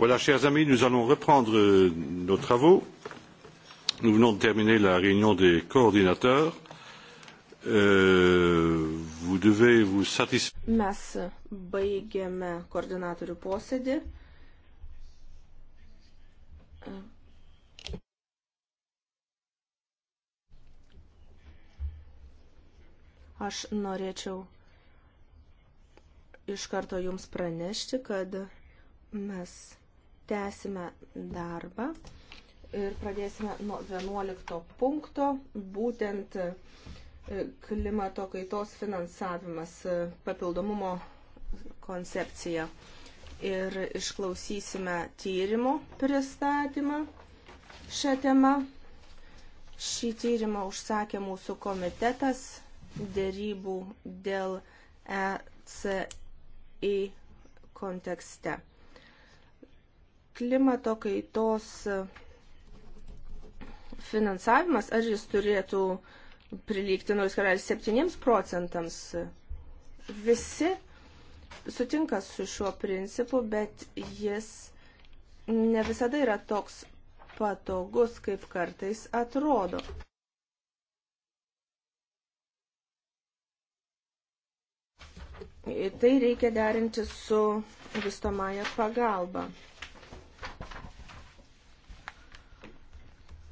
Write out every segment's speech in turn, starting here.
Voilà, chers amis, nous allons reprendre euh, nos travaux. Nous venons de terminer la réunion des coordinateurs. Euh, vous devez vous satisfaire. Mes baigėme koordinatorių posėdį. Aš norėčiau iš karto jums pranešti, kad mes tęsime darbą ir pradėsime nuo 11 punkto, būtent e, klimato kaitos finansavimas, e, papildomumo koncepcija. Ir išklausysime tyrimo pristatymą šią temą. Šį tyrimą užsakė mūsų komitetas dėrybų dėl ECI kontekste klimato kaitos finansavimas, ar jis turėtų prilygti 0,7 procentams. Visi sutinka su šiuo principu, bet jis ne visada yra toks patogus, kaip kartais atrodo. Tai reikia derinti su vystomąją pagalbą.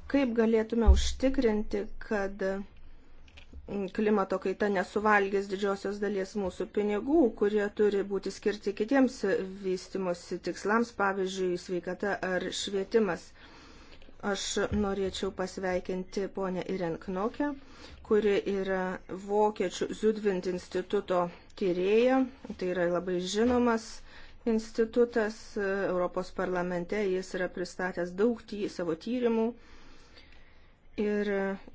Kaip galėtume užtikrinti, kad mm, klimato kaita nesuvalgys didžiosios dalies mūsų pinigų, kurie turi būti skirti kitiems vystimosi tikslams, pavyzdžiui, sveikata ar švietimas. Aš norėčiau pasveikinti ponę Iren Knokę, kuri yra Vokiečių Zudvint instituto tyrėja. Tai yra labai žinomas institutas e, Europos parlamente. Jis yra pristatęs daug ty savo tyrimų ir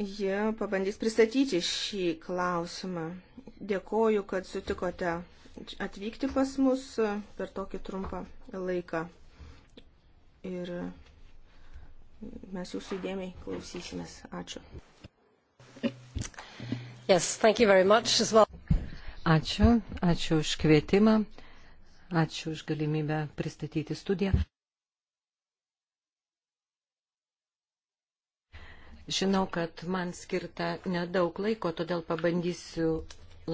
jie pabandys pristatyti šį klausimą. Dėkoju, kad sutikote atvykti pas mus per tokį trumpą laiką. Ir mes jūsų įdėmiai klausysimės. Ačiū. Yes, thank you very much as well. Ačiū, ačiū už kvietimą, ačiū už galimybę pristatyti studiją. Žinau, kad man skirta nedaug laiko, todėl pabandysiu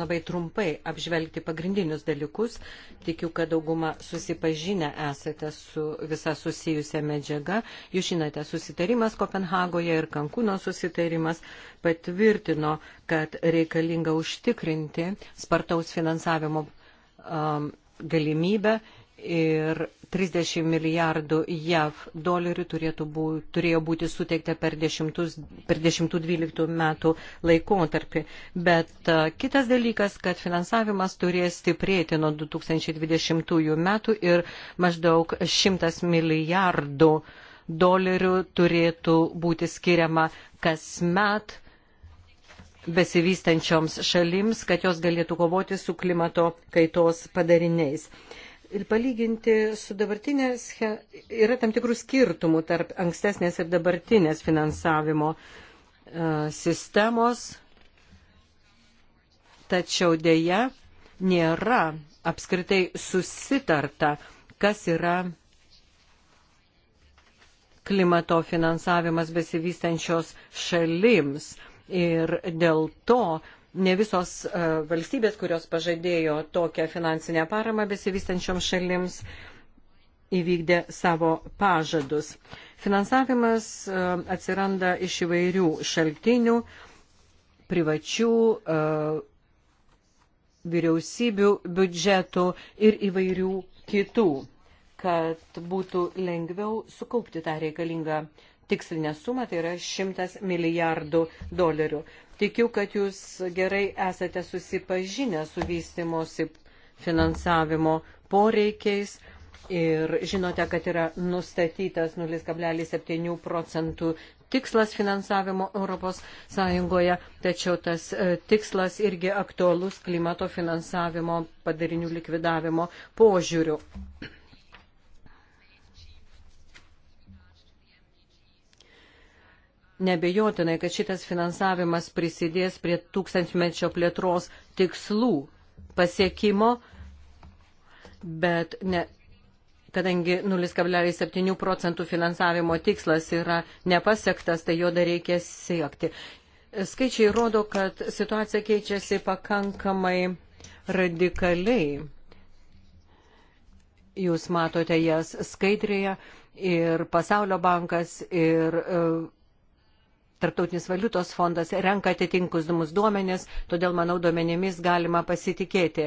labai trumpai apžvelgti pagrindinius dalykus. Tikiu, kad dauguma susipažinę esate su visa susijusia medžiaga. Jūs žinote, susitarimas Kopenhagoje ir Kankūno susitarimas patvirtino, kad reikalinga užtikrinti spartaus finansavimo um, galimybę ir 30 milijardų JAV dolerių turėtų bū, turėjo būti suteikta per, dešimtus, per 10-12 metų laikotarpį. Bet a, kitas dalykas, kad finansavimas turės stiprėti nuo 2020 metų ir maždaug 100 milijardų dolerių turėtų būti skiriama kasmet besivystančioms šalims, kad jos galėtų kovoti su klimato kaitos padariniais ir palyginti su dabartinė schema, yra tam tikrų skirtumų tarp ankstesnės ir dabartinės finansavimo e, sistemos, tačiau dėja nėra apskritai susitarta, kas yra klimato finansavimas besivystančios šalims. Ir dėl to ne visos e, valstybės, kurios pažadėjo tokią finansinę paramą besivystančioms šalims, įvykdė savo pažadus. Finansavimas e, atsiranda iš įvairių šaltinių, privačių e, vyriausybių biudžetų ir įvairių kitų, kad būtų lengviau sukaupti tą reikalingą uh, tikslinę sumą, tai yra 100 milijardų dolerių. Tikiu, kad jūs gerai esate susipažinę su vystimosi finansavimo poreikiais ir žinote, kad yra nustatytas 0,7 procentų tikslas finansavimo ES, tačiau tas e, tikslas irgi aktualus klimato finansavimo padarinių likvidavimo požiūrių. nebejotinai, kad šitas finansavimas prisidės prie tūkstantmečio plėtros tikslų pasiekimo, bet ne, kadangi 0,7 procentų finansavimo tikslas yra nepasiektas, tai jo dar reikės siekti. Skaičiai rodo, kad situacija keičiasi pakankamai radikaliai. Jūs matote jas skaidrėje ir Pasaulio bankas ir uh, Tarptautinis valiutos fondas renka atitinkus duomenis, todėl, manau, duomenimis galima pasitikėti.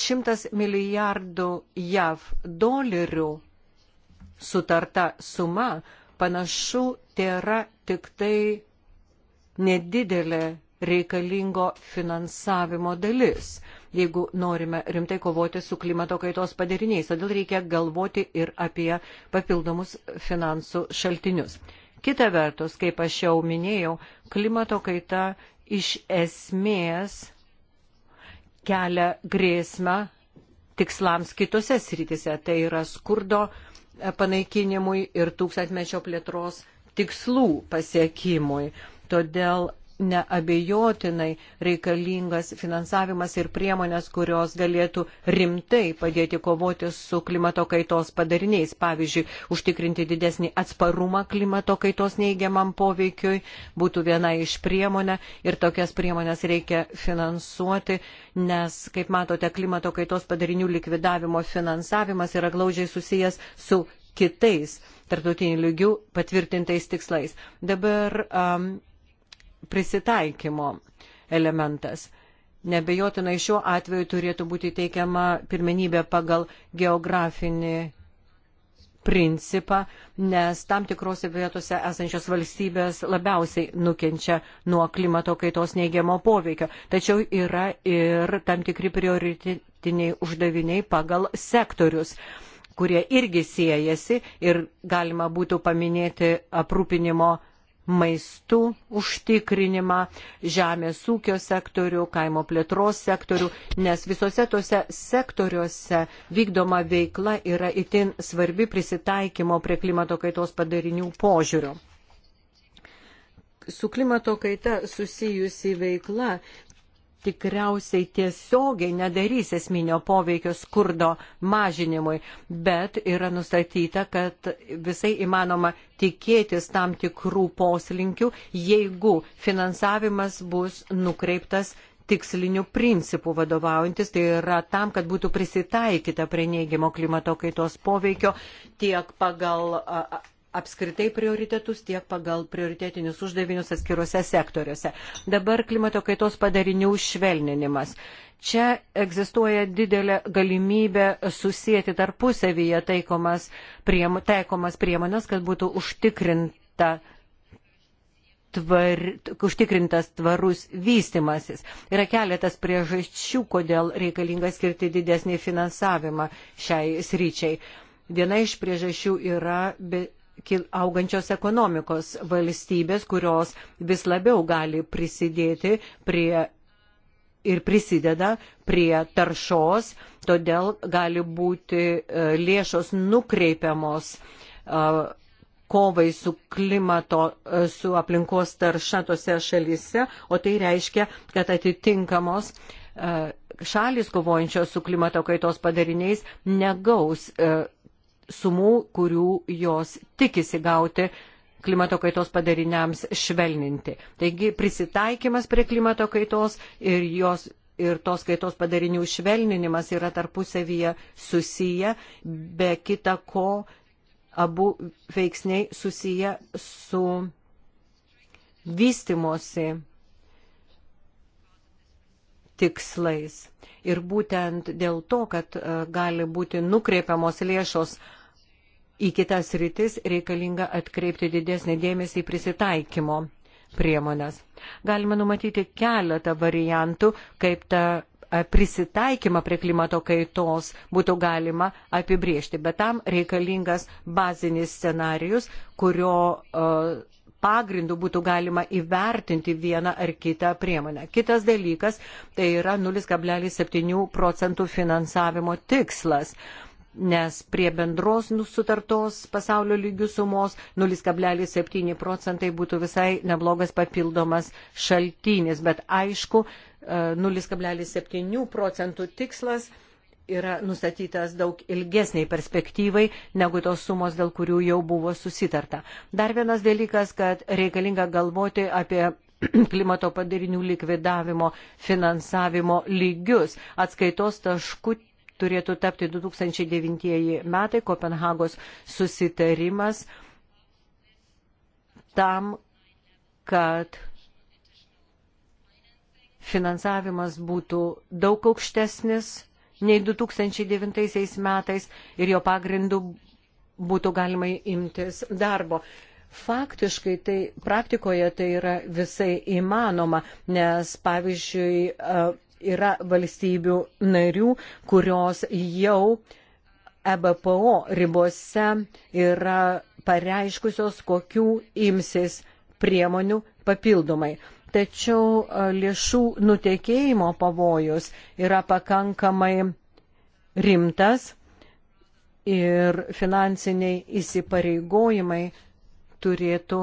Šimtas milijardų JAV dolerių sutarta suma panašu tėra tik tai nedidelė reikalingo finansavimo dalis, jeigu norime rimtai kovoti su klimato kaitos padariniais. Todėl reikia galvoti ir apie papildomus finansų šaltinius. Kita vertus, kaip aš jau minėjau, klimato kaita iš esmės kelia grėsmę tikslams kitose sritise, tai yra skurdo e, panaikinimui ir tūkstantmečio plėtros tikslų pasiekimui. Todėl neabejotinai reikalingas finansavimas ir priemonės, kurios galėtų rimtai padėti kovoti su klimato kaitos padariniais. Pavyzdžiui, užtikrinti didesnį atsparumą klimato kaitos neigiamam poveikiui būtų viena iš priemonė ir tokias priemonės reikia finansuoti, nes, kaip matote, klimato kaitos padarinių likvidavimo finansavimas yra glaudžiai susijęs su kitais tarptautinių lygių patvirtintais tikslais. Dabar um, prisitaikymo elementas. Nebejotinai šiuo atveju turėtų būti teikiama pirmenybė pagal geografinį principą, nes tam tikrose vietose esančios valstybės labiausiai nukenčia nuo klimato kaitos neigiamo poveikio. Tačiau yra ir tam tikri prioritetiniai uždaviniai pagal sektorius kurie irgi siejasi ir galima būtų paminėti aprūpinimo maistų užtikrinimą, žemės ūkio sektorių, kaimo plėtros sektorių, nes visose tose sektoriuose vykdoma veikla yra itin svarbi prisitaikymo prie klimato kaitos padarinių požiūrių su klimato kaita susijusi veikla tikriausiai tiesiogiai nedarys esminio poveikio skurdo mažinimui, bet yra nustatyta, kad visai įmanoma tikėtis tam tikrų poslinkių, jeigu finansavimas bus nukreiptas tikslinių principų vadovaujantis, tai yra tam, kad būtų prisitaikyta prie neigiamo klimato kaitos poveikio tiek pagal apskritai prioritetus, tiek pagal prioritetinius uždavinius atskiruose sektoriuose. Dabar klimato kaitos padarinių švelninimas. Čia egzistuoja didelė galimybė susijęti tarpusavyje taikomas, priem, taikomas priemonės, kad būtų užtikrinta tvar, užtikrintas tvarus vystimasis. Yra keletas priežasčių, kodėl reikalinga skirti didesnį finansavimą šiai sryčiai. Viena iš priežasčių yra augančios ekonomikos valstybės, kurios vis labiau gali prisidėti prie ir prisideda prie taršos, todėl gali būti e, lėšos nukreipiamos e, kovai su klimato, e, su aplinkos tarša tose šalyse, o tai reiškia, kad atitinkamos šalis kovojančios su klimato kaitos padariniais negaus sumų, kurių jos tikisi gauti klimato kaitos padariniams švelninti. Taigi prisitaikymas prie klimato kaitos ir, jos, ir tos kaitos padarinių švelninimas yra tarpusavyje susiję, be kita ko abu veiksniai susiję su vystimosi tikslais. Ir būtent dėl to, kad e, gali būti nukreipiamos lėšos į kitas rytis reikalinga atkreipti didesnį dėmesį į prisitaikymo priemonės. Galima numatyti keletą variantų, kaip tą prisitaikymą prie klimato kaitos būtų galima apibriežti, bet tam reikalingas bazinis scenarius, kurio pagrindų būtų galima įvertinti vieną ar kitą priemonę. Kitas dalykas tai yra 0,7 procentų finansavimo tikslas nes prie bendros nu, sutartos pasaulio lygių sumos 0,7 procentai būtų visai neblogas papildomas šaltinis, bet aišku, 0,7 e, procentų tikslas yra nustatytas daug ilgesniai perspektyvai negu tos sumos, dėl kurių jau buvo susitarta. Dar vienas dalykas, kad reikalinga galvoti apie klimato padarinių likvidavimo finansavimo lygius, atskaitos taškų turėtų tapti 2009 metai Kopenhagos susitarimas tam, kad finansavimas būtų daug aukštesnis nei 2009 metais ir jo pagrindu būtų galima imtis darbo. Faktiškai tai praktikoje tai yra visai įmanoma, nes pavyzdžiui yra valstybių narių, kurios jau EBPO ribose yra pareiškusios, kokių imsis priemonių papildomai. Tačiau e, lėšų nutekėjimo pavojus yra pakankamai rimtas ir finansiniai įsipareigojimai turėtų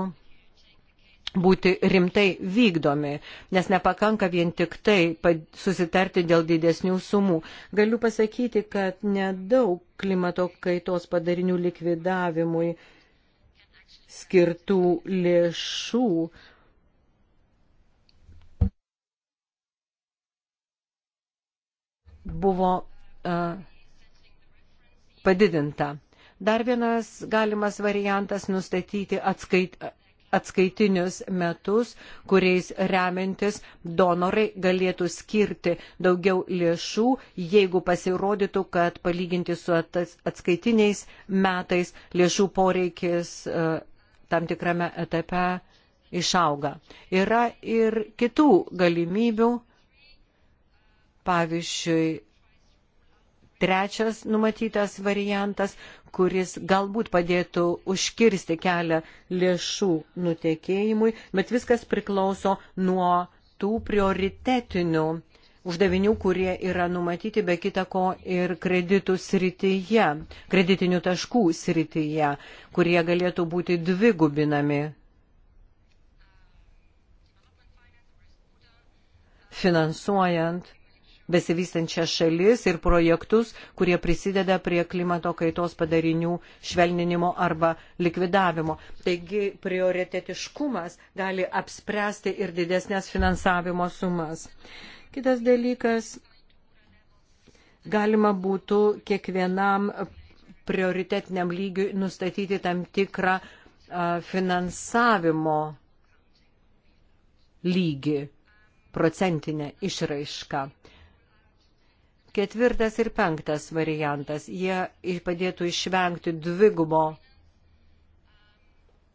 būti rimtai vykdomi, nes nepakanka vien tik tai susitarti dėl didesnių sumų. Galiu pasakyti, kad nedaug klimato kaitos padarinių likvidavimui skirtų lėšų buvo uh, padidinta. Dar vienas galimas variantas nustatyti atskait, atskaitinius metus, kuriais remiantis donorai galėtų skirti daugiau lėšų, jeigu pasirodytų, kad palyginti su atskaitiniais metais lėšų poreikis e, tam tikrame etape išauga. Yra ir kitų galimybių, pavyzdžiui, trečias numatytas variantas, kuris galbūt padėtų užkirsti kelią lėšų nutekėjimui, bet viskas priklauso nuo tų prioritetinių uždavinių, kurie yra numatyti be kita ko ir kreditų srityje, kreditinių taškų srityje, kurie galėtų būti dvigubinami. Finansuojant besivystančias šalis ir projektus, kurie prisideda prie klimato kaitos padarinių švelninimo arba likvidavimo. Taigi prioritetiškumas gali apspręsti ir didesnės finansavimo sumas. Kitas dalykas, galima būtų kiekvienam prioritetiniam lygiui nustatyti tam tikrą finansavimo lygį, procentinę išraišką. Ketvirtas ir penktas variantas. Jie padėtų išvengti dvigubo,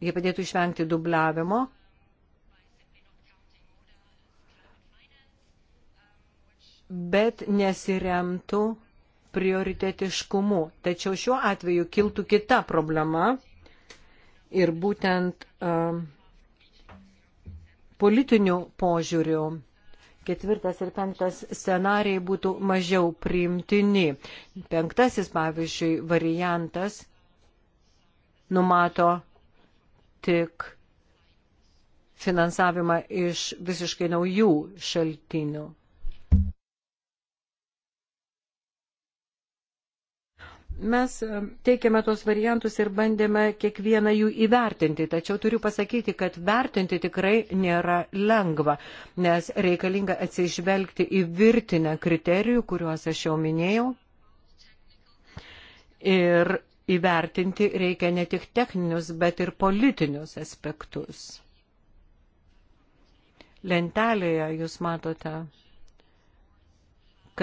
jie padėtų išvengti dubliavimo. bet nesiremtų prioritetiškumu. Tačiau šiuo atveju kiltų kita problema ir būtent uh, politinių požiūrių ketvirtas ir penktas scenarijai būtų mažiau priimtini. Penktasis, pavyzdžiui, variantas numato tik finansavimą iš visiškai naujų šaltinių Mes e, teikiame tos variantus ir bandėme kiekvieną jų įvertinti, tačiau turiu pasakyti, kad vertinti tikrai nėra lengva, nes reikalinga atsižvelgti į virtinę kriterijų, kuriuos aš jau minėjau. Ir įvertinti reikia ne tik techninius, bet ir politinius aspektus. Lentelėje jūs matote,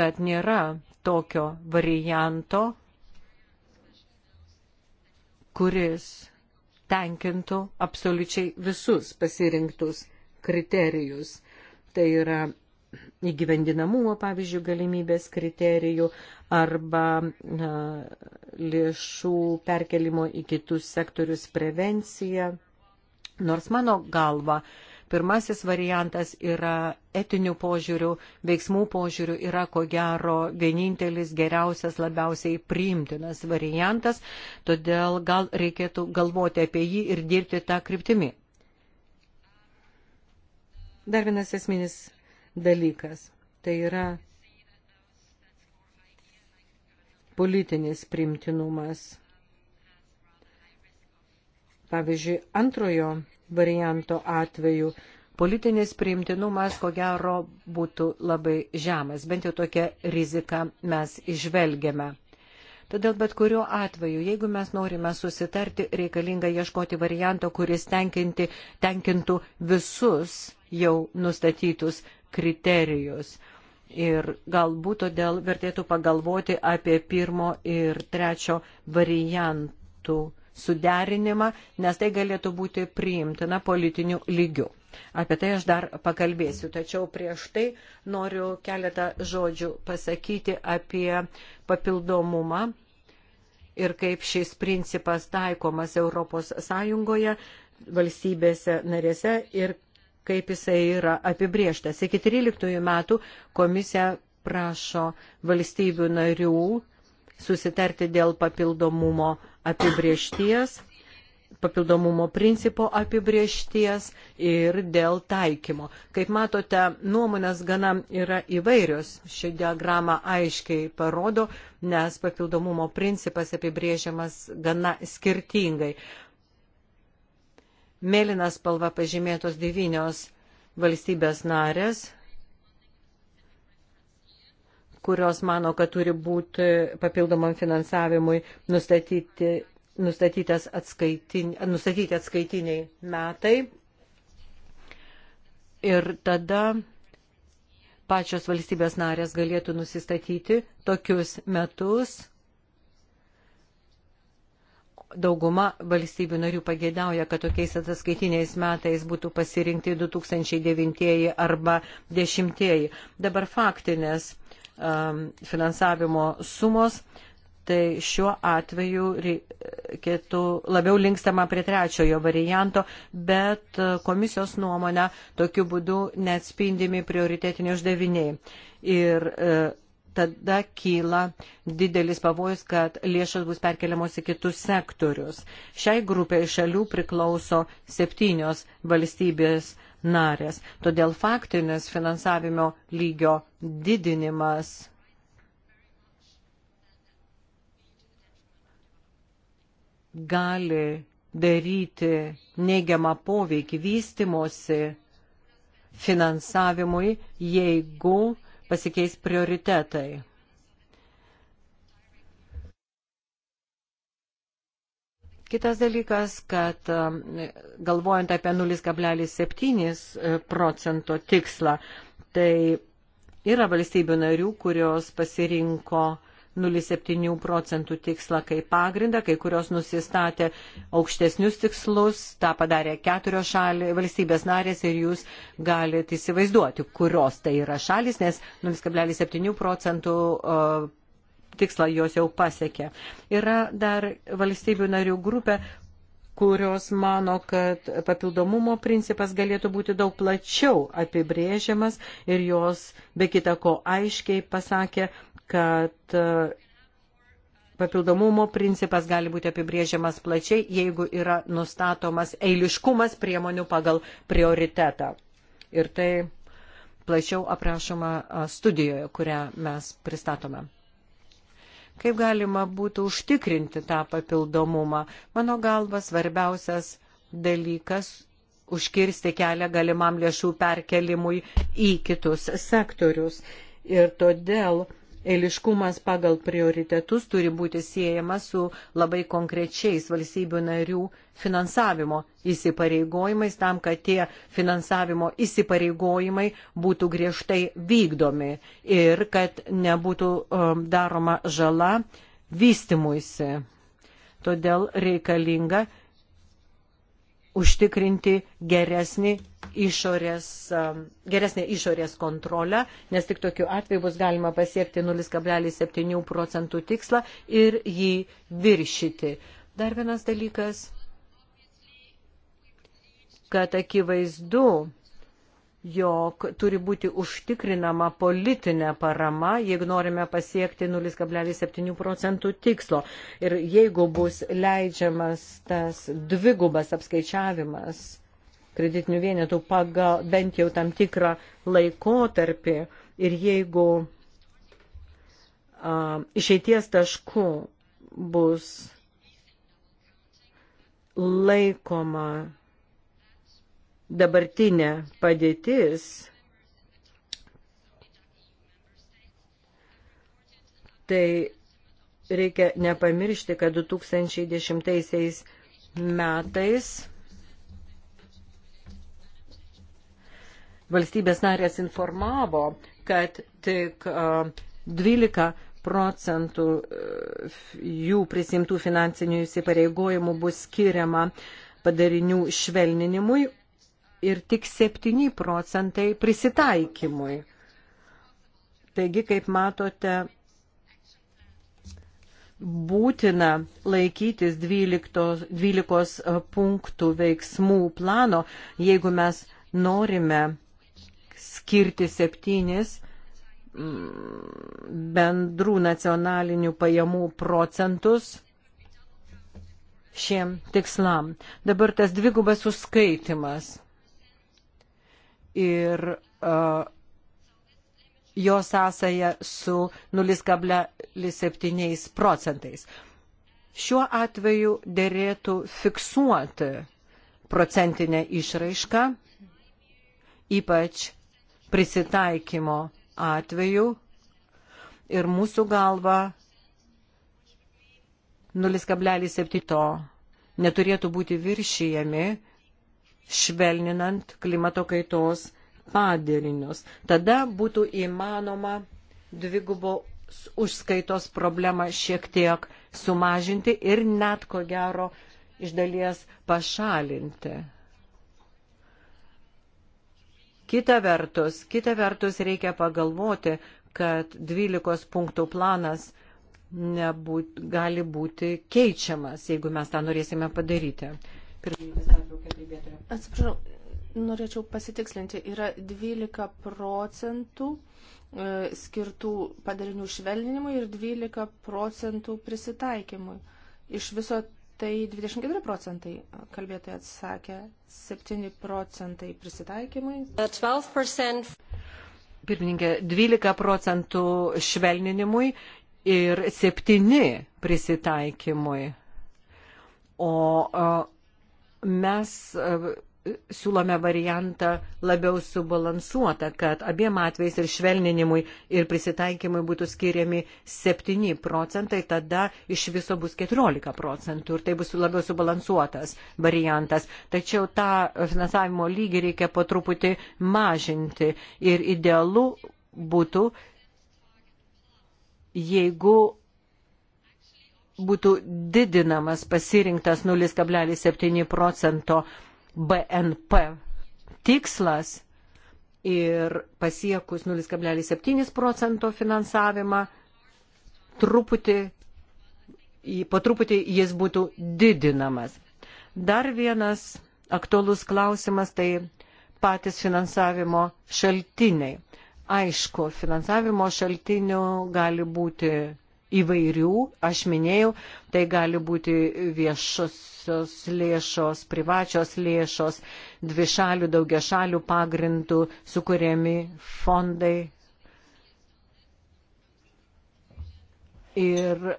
kad nėra tokio varianto, kuris tenkintų absoliučiai visus pasirinktus kriterijus. Tai yra įgyvendinamumo, pavyzdžiui, galimybės kriterijų arba na, lėšų perkelimo į kitus sektorius prevencija. Nors mano galva, uh, Pirmasis variantas yra etinių požiūrių, veiksmų požiūrių yra ko gero vienintelis geriausias, labiausiai priimtinas variantas, todėl gal reikėtų galvoti apie jį ir dirbti tą kryptimį. Dar vienas esminis dalykas. Tai yra politinis primtinumas. Pavyzdžiui, antrojo varianto atveju politinis priimtinumas, ko gero, būtų labai žemas. Bent jau tokią riziką mes išvelgiame. Todėl bet kuriuo atveju, jeigu mes norime susitarti, reikalinga ieškoti varianto, kuris tenkinti, tenkintų visus jau nustatytus kriterijus. Ir galbūt todėl vertėtų pagalvoti apie pirmo ir trečio variantų suderinimą, nes tai galėtų būti priimtina politiniu lygiu. Apie tai aš dar pakalbėsiu, tačiau prieš tai noriu keletą žodžių pasakyti apie papildomumą ir kaip šis principas taikomas ES valstybėse narėse ir kaip jisai yra apibrieštas. Iki 13 metų komisija prašo valstybių narių susitarti dėl papildomumo apibriešties, papildomumo principo apibriešties ir dėl taikymo. Kaip matote, nuomonės gana yra įvairios. Ši diagrama aiškiai parodo, nes papildomumo principas apibrėžiamas gana skirtingai. Mėlynas spalva pažymėtos devynios valstybės narės kurios mano, kad turi būti papildomam finansavimui nustatyti, atskaitin, nustatyti atskaitiniai metai. Ir tada pačios valstybės narės galėtų nusistatyti tokius metus. Dauguma valstybių narių pagėdauja, kad tokiais ataskaitiniais metais būtų pasirinkti 2009 arba 2010. Dabar faktinės Um, finansavimo sumos, tai šiuo atveju reikėtų labiau linkstama prie trečiojo varianto, bet komisijos nuomonę tokiu būdu neatspindimi prioritetiniai uždaviniai. Ir e, tada kyla didelis pavojus, kad lėšas bus perkeliamos į kitus sektorius. Šiai grupiai šalių priklauso septynios valstybės narės. Todėl faktinis finansavimo lygio didinimas gali daryti neigiamą poveikį vystimosi finansavimui, jeigu pasikeis prioritetai. Kitas dalykas, kad um, galvojant apie 0,7 e, procento tikslą, tai yra valstybių narių, kurios pasirinko 0,7 procentų tikslą kaip pagrindą, kai kurios nusistatė aukštesnius tikslus, tą padarė keturios šalį, valstybės narės ir jūs galite įsivaizduoti, kurios tai yra šalis, nes 0,7 procentų tikslą jos jau pasiekė. Yra dar valstybių narių grupė, kurios mano, kad papildomumo principas galėtų būti daug plačiau apibrėžiamas ir jos be kita ko aiškiai pasakė, kad e, papildomumo principas gali būti apibrėžiamas plačiai, jeigu yra nustatomas eiliškumas priemonių pagal prioritetą. Ir tai plačiau aprašoma studijoje, kurią mes pristatome. Kaip galima būtų užtikrinti tą papildomumą? Mano galva svarbiausias dalykas užkirsti kelią galimam lėšų perkelimui į kitus sektorius. Ir todėl eiliškumas pagal prioritetus turi būti siejamas su labai konkrečiais valstybių narių finansavimo įsipareigojimais tam, kad tie finansavimo įsipareigojimai būtų griežtai vykdomi ir kad nebūtų um, daroma žala vystimuisi. Todėl reikalinga užtikrinti geresnį išorės, geresnė išorės kontrolę, nes tik tokiu atveju bus galima pasiekti 0,7 procentų tikslą ir jį viršyti. Dar vienas dalykas, kad akivaizdu, jog turi būti užtikrinama politinė parama, jeigu norime pasiekti 0,7 procentų tikslo. Ir jeigu bus leidžiamas tas dvigubas apskaičiavimas kreditinių vienetų pagal bent jau tam tikrą laikotarpį ir jeigu a, išeities tašku bus laikoma dabartinė padėtis Tai reikia nepamiršti, kad 2010 metais valstybės narės informavo, kad tik 12 procentų e, jų prisimtų finansinių įsipareigojimų bus skiriama padarinių švelninimui, ir tik 7 procentai prisitaikymui. Taigi, kaip matote, būtina laikytis 12, 12 e, punktų veiksmų plano, jeigu mes norime skirti 7 mm, bendrų nacionalinių pajamų procentus šiem tikslam. Dabar tas dvigubas užskaitimas ir uh, jo sąsaja su 0,7 procentais. Šiuo atveju dėrėtų fiksuoti procentinę išraišką, ypač prisitaikymo atveju ir mūsų galva 0,7 neturėtų būti viršyjami švelninant klimato kaitos padarinius. Tada būtų įmanoma dvigubo užskaitos problemą šiek tiek sumažinti ir net ko gero iš dalies pašalinti. Kita vertus, kita vertus reikia pagalvoti, kad 12 punktų planas nebūt, gali būti keičiamas, jeigu mes tą norėsime padaryti. Pirmininkas pertraukė kalbėtoją. Atsiprašau, norėčiau pasitikslinti. Yra 12 procentų e, skirtų padarinių švelninimui ir 12 procentų prisitaikymui. Iš viso tai 24 procentai, e, kalbėtojai atsakė, 7 procentai prisitaikymui. 12 Pirmininkė, 12 procentų švelninimui ir 7 prisitaikymui. O, o e, mes e, siūlome variantą labiau subalansuotą, kad abiem atvejais ir švelninimui, ir prisitaikymui būtų skiriami 7 procentai, tada iš viso bus 14 procentų ir tai bus labiau subalansuotas variantas. Tačiau tą finansavimo lygį reikia po truputį mažinti ir idealu būtų, jeigu būtų didinamas pasirinktas 0,7 procento BNP tikslas ir pasiekus 0,7 procento finansavimą, truputį, po truputį jis būtų didinamas. Dar vienas aktualus klausimas tai patys finansavimo šaltiniai. Aišku, finansavimo šaltinių gali būti įvairių, aš minėjau, tai gali būti viešosios lėšos, privačios lėšos, dvišalių, daugiašalių pagrindų sukūrėmi fondai. Ir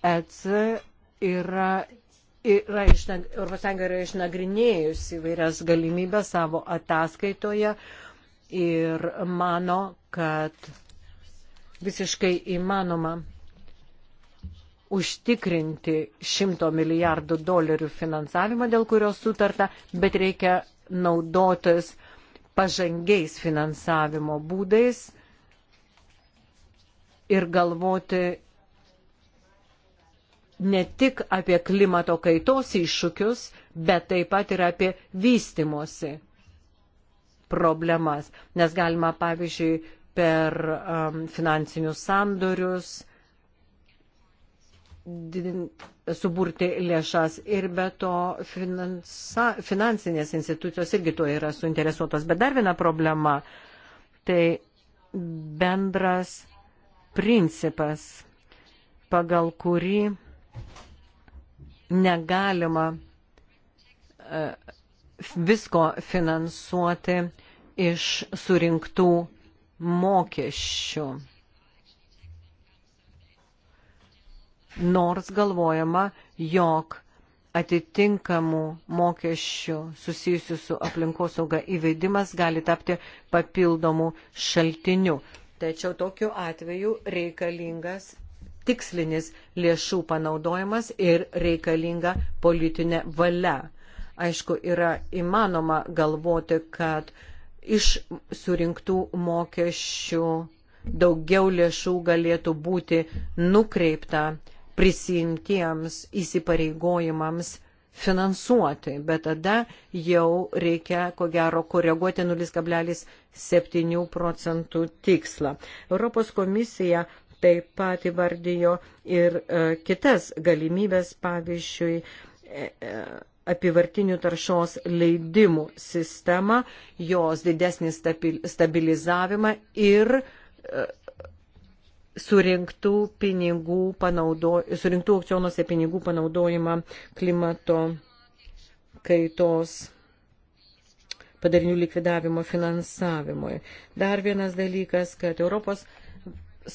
EC yra yra, Europos Sąjunga yra išnagrinėjusi įvairias galimybės savo ataskaitoje ir mano, kad visiškai įmanoma užtikrinti 100 milijardų dolerių finansavimą, dėl kurio sutarta, bet reikia naudotis pažangiais finansavimo būdais ir galvoti ne tik apie klimato kaitos iššūkius, bet taip pat ir apie vystimosi problemas. Nes galima, pavyzdžiui, per um, finansinius sandorius, suburti lėšas ir be to finansa, finansinės institucijos irgi tuo yra suinteresuotos. Bet dar viena problema - tai bendras principas, pagal kurį negalima e, visko finansuoti iš surinktų mokesčių. Nors galvojama, jog atitinkamų mokesčių susijusių su aplinkosauga įvedimas gali tapti papildomų šaltinių. Tačiau tokiu atveju reikalingas tikslinis lėšų panaudojimas ir reikalinga politinė valia. Aišku, yra įmanoma galvoti, kad uh, iš surinktų mokesčių daugiau lėšų galėtų būti nukreipta prisimtiems įsipareigojimams finansuoti, bet tada jau reikia, ko gero, koreguoti 0,7 procentų tikslą. Europos komisija taip pat įvardijo ir e, kitas galimybės, pavyzdžiui, e, e, apivartinių taršos leidimų sistemą, jos didesnį stabilizavimą ir e, surinktų, pinigų panaudo, surinktų aukcionuose pinigų panaudojimą klimato kaitos padarinių likvidavimo finansavimui. Dar vienas dalykas, kad Europos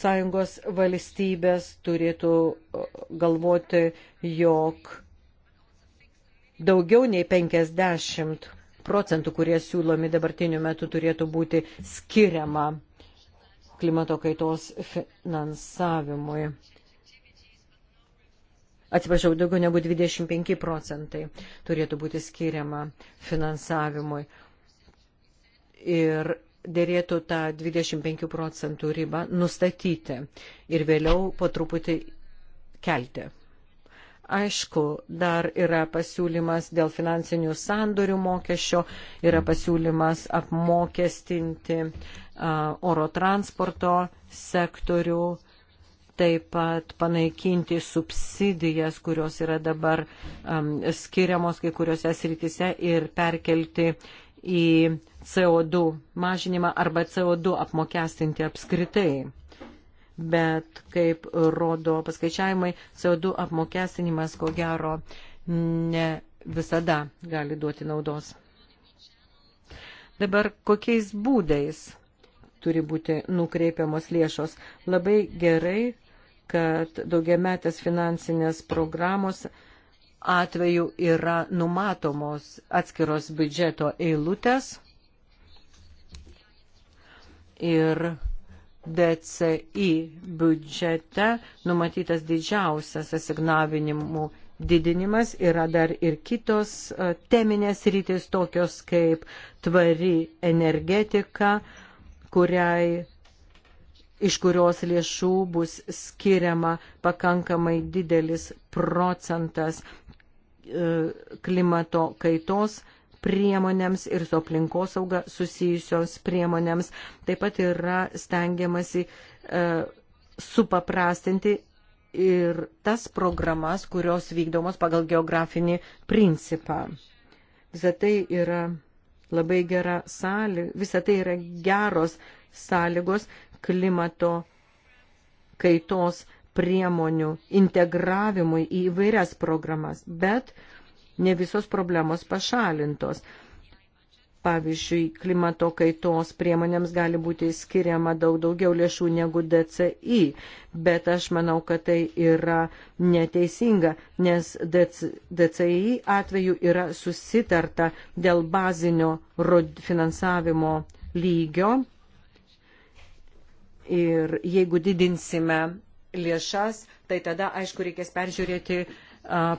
Sąjungos valstybės turėtų e, galvoti, jog daugiau nei 50 procentų, kurie siūlomi dabartiniu metu, turėtų būti skiriama klimato kaitos finansavimui. Atsiprašau, daugiau negu 25 procentai turėtų būti skiriama finansavimui. Ir dėrėtų tą 25 procentų ribą nustatyti ir vėliau po truputį kelti. Aišku, dar yra pasiūlymas dėl finansinių sandorių mokesčio, yra pasiūlymas apmokestinti oro transporto sektorių, taip pat panaikinti subsidijas, kurios yra dabar um, skiriamos kai kuriuose srityse ir perkelti į CO2 mažinimą arba CO2 apmokestinti apskritai bet kaip rodo paskaičiavimai, CO2 apmokestinimas ko gero ne visada gali duoti naudos. Dabar kokiais būdais turi būti nukreipiamos lėšos? Labai gerai, kad daugiametės finansinės programos atveju yra numatomos atskiros biudžeto eilutės ir DCI biudžete numatytas didžiausias asignavinimų didinimas yra dar ir kitos e, teminės rytis, tokios kaip tvari energetika, kuriai iš kurios lėšų bus skiriama pakankamai didelis procentas e, klimato kaitos priemonėms ir su aplinkosauga susijusios priemonėms. Taip pat yra stengiamasi e, supaprastinti ir tas programas, kurios vykdomos pagal geografinį principą. Visą tai yra labai gera sąlyga, visą tai yra geros sąlygos klimato kaitos priemonių integravimui į įvairias programas, bet ne visos problemos pašalintos. Pavyzdžiui, klimato kaitos priemonėms gali būti skiriama daug daugiau lėšų negu DCI, bet aš manau, kad tai yra neteisinga, nes DCI atveju yra susitarta dėl bazinio finansavimo lygio ir jeigu didinsime lėšas, tai tada, aišku, reikės peržiūrėti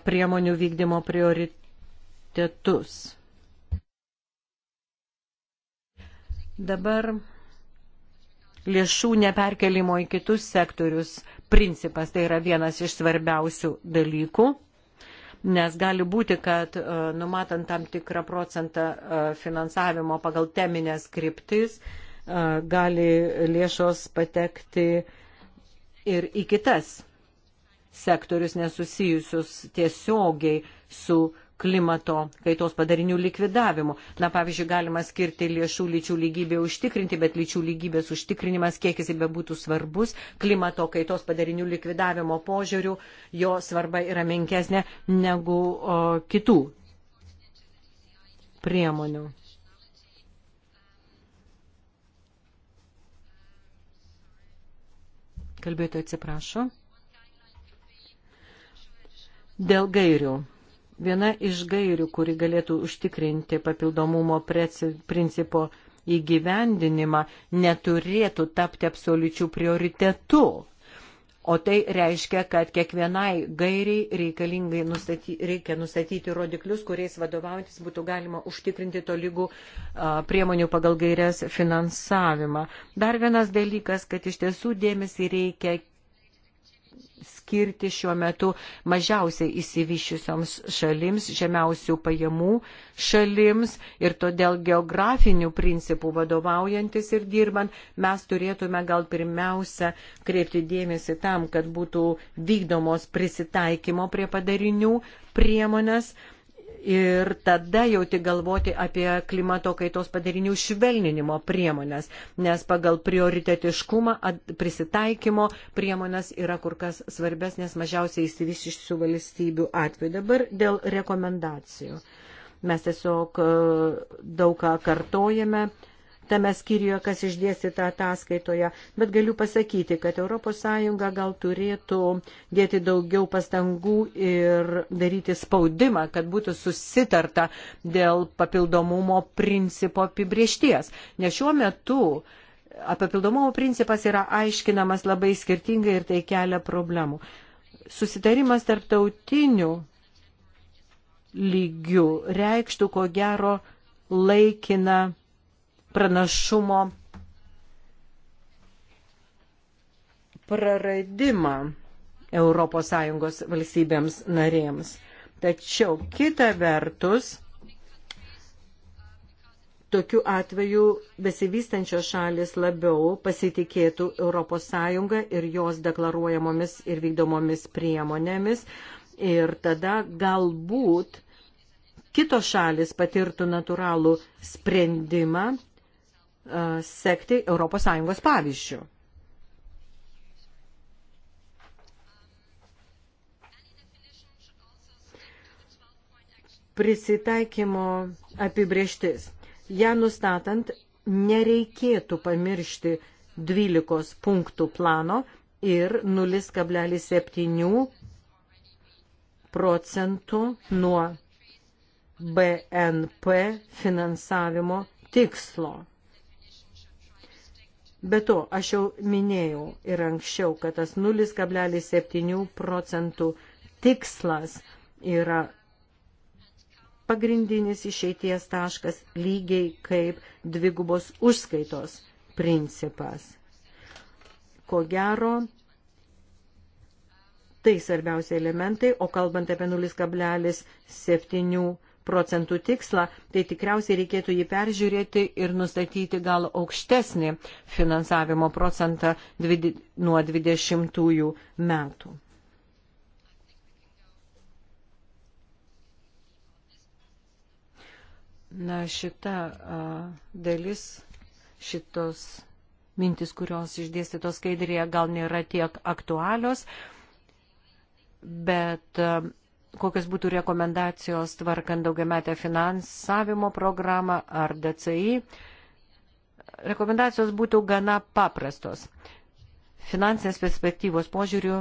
priemonių vykdymo prioritetus. Dabar lėšų neperkelimo į kitus sektorius principas tai yra vienas iš svarbiausių dalykų, nes gali būti, kad numatant tam tikrą procentą finansavimo pagal teminės kryptis, gali lėšos patekti ir į kitas sektorius nesusijusius tiesiogiai su klimato kaitos padarinių likvidavimu. Na, pavyzdžiui, galima skirti lėšų lyčių lygybė užtikrinti, bet lyčių lygybės užtikrinimas, kiek jis bebūtų svarbus, klimato kaitos padarinių likvidavimo požiūrių, jo svarba yra menkesnė negu o, kitų priemonių. Kalbėtojai atsiprašo. Dėl gairių. Viena iš gairių, kuri galėtų užtikrinti papildomumo principo įgyvendinimą, neturėtų tapti absoliučių prioritetų. O tai reiškia, kad kiekvienai gairiai reikalingai nustaty, reikia nustatyti rodiklius, kuriais vadovaujantis būtų galima užtikrinti tolygų priemonių pagal gairias finansavimą. Dar vienas dalykas, kad iš tiesų dėmesį reikia skirti šiuo metu mažiausiai įsivyšiusioms šalims, žemiausių pajamų šalims ir todėl geografinių principų vadovaujantis ir dirbant mes turėtume gal pirmiausia kreipti dėmesį tam, kad būtų vykdomos prisitaikymo prie padarinių priemonės ir tada jau tik galvoti apie klimato kaitos padarinių švelninimo priemonės, nes pagal prioritetiškumą prisitaikymo priemonės yra kur kas svarbesnės mažiausiai įsivyšysių valstybių atveju. Dabar dėl rekomendacijų. Mes tiesiog e, daug ką kartojame, tame skyriuje, kas išdėstyta ataskaitoje, bet galiu pasakyti, kad ES gal turėtų dėti daugiau pastangų ir daryti spaudimą, kad būtų susitarta dėl papildomumo principo apibriešties. Nes šiuo metu papildomumo principas yra aiškinamas labai skirtingai ir tai kelia problemų. Susitarimas tarptautinių lygių reikštų ko gero laikiną pranašumo praradimą ES valstybėms narėms. Tačiau kita vertus, tokiu atveju besivystančios šalis labiau pasitikėtų ES ir jos deklaruojamomis ir vykdomomis priemonėmis. Ir tada galbūt kitos šalis patirtų natūralų sprendimą E, sekti ES pavyzdžių. Prisitaikymo apibrieštis. Ja nustatant, nereikėtų pamiršti 12 punktų plano ir 0,7 procentų nuo BNP finansavimo tikslo. Be to, aš jau minėjau ir anksčiau, kad tas 0,7 procentų tikslas yra pagrindinis išeities taškas, lygiai kaip dvigubos užskaitos principas. Ko gero, tai svarbiausia elementai, o kalbant apie 0,7 procentų tikslą, tai tikriausiai reikėtų jį peržiūrėti ir nustatyti gal aukštesnį finansavimo procentą nuo 20 metų. Na, šita a, dalis, šitos mintis, kurios išdėstytos skaidrėje, gal nėra tiek aktualios, bet a, kokios būtų rekomendacijos tvarkant daugiametę finansavimo programą ar DCI. Rekomendacijos būtų gana paprastos. Finansinės perspektyvos požiūrių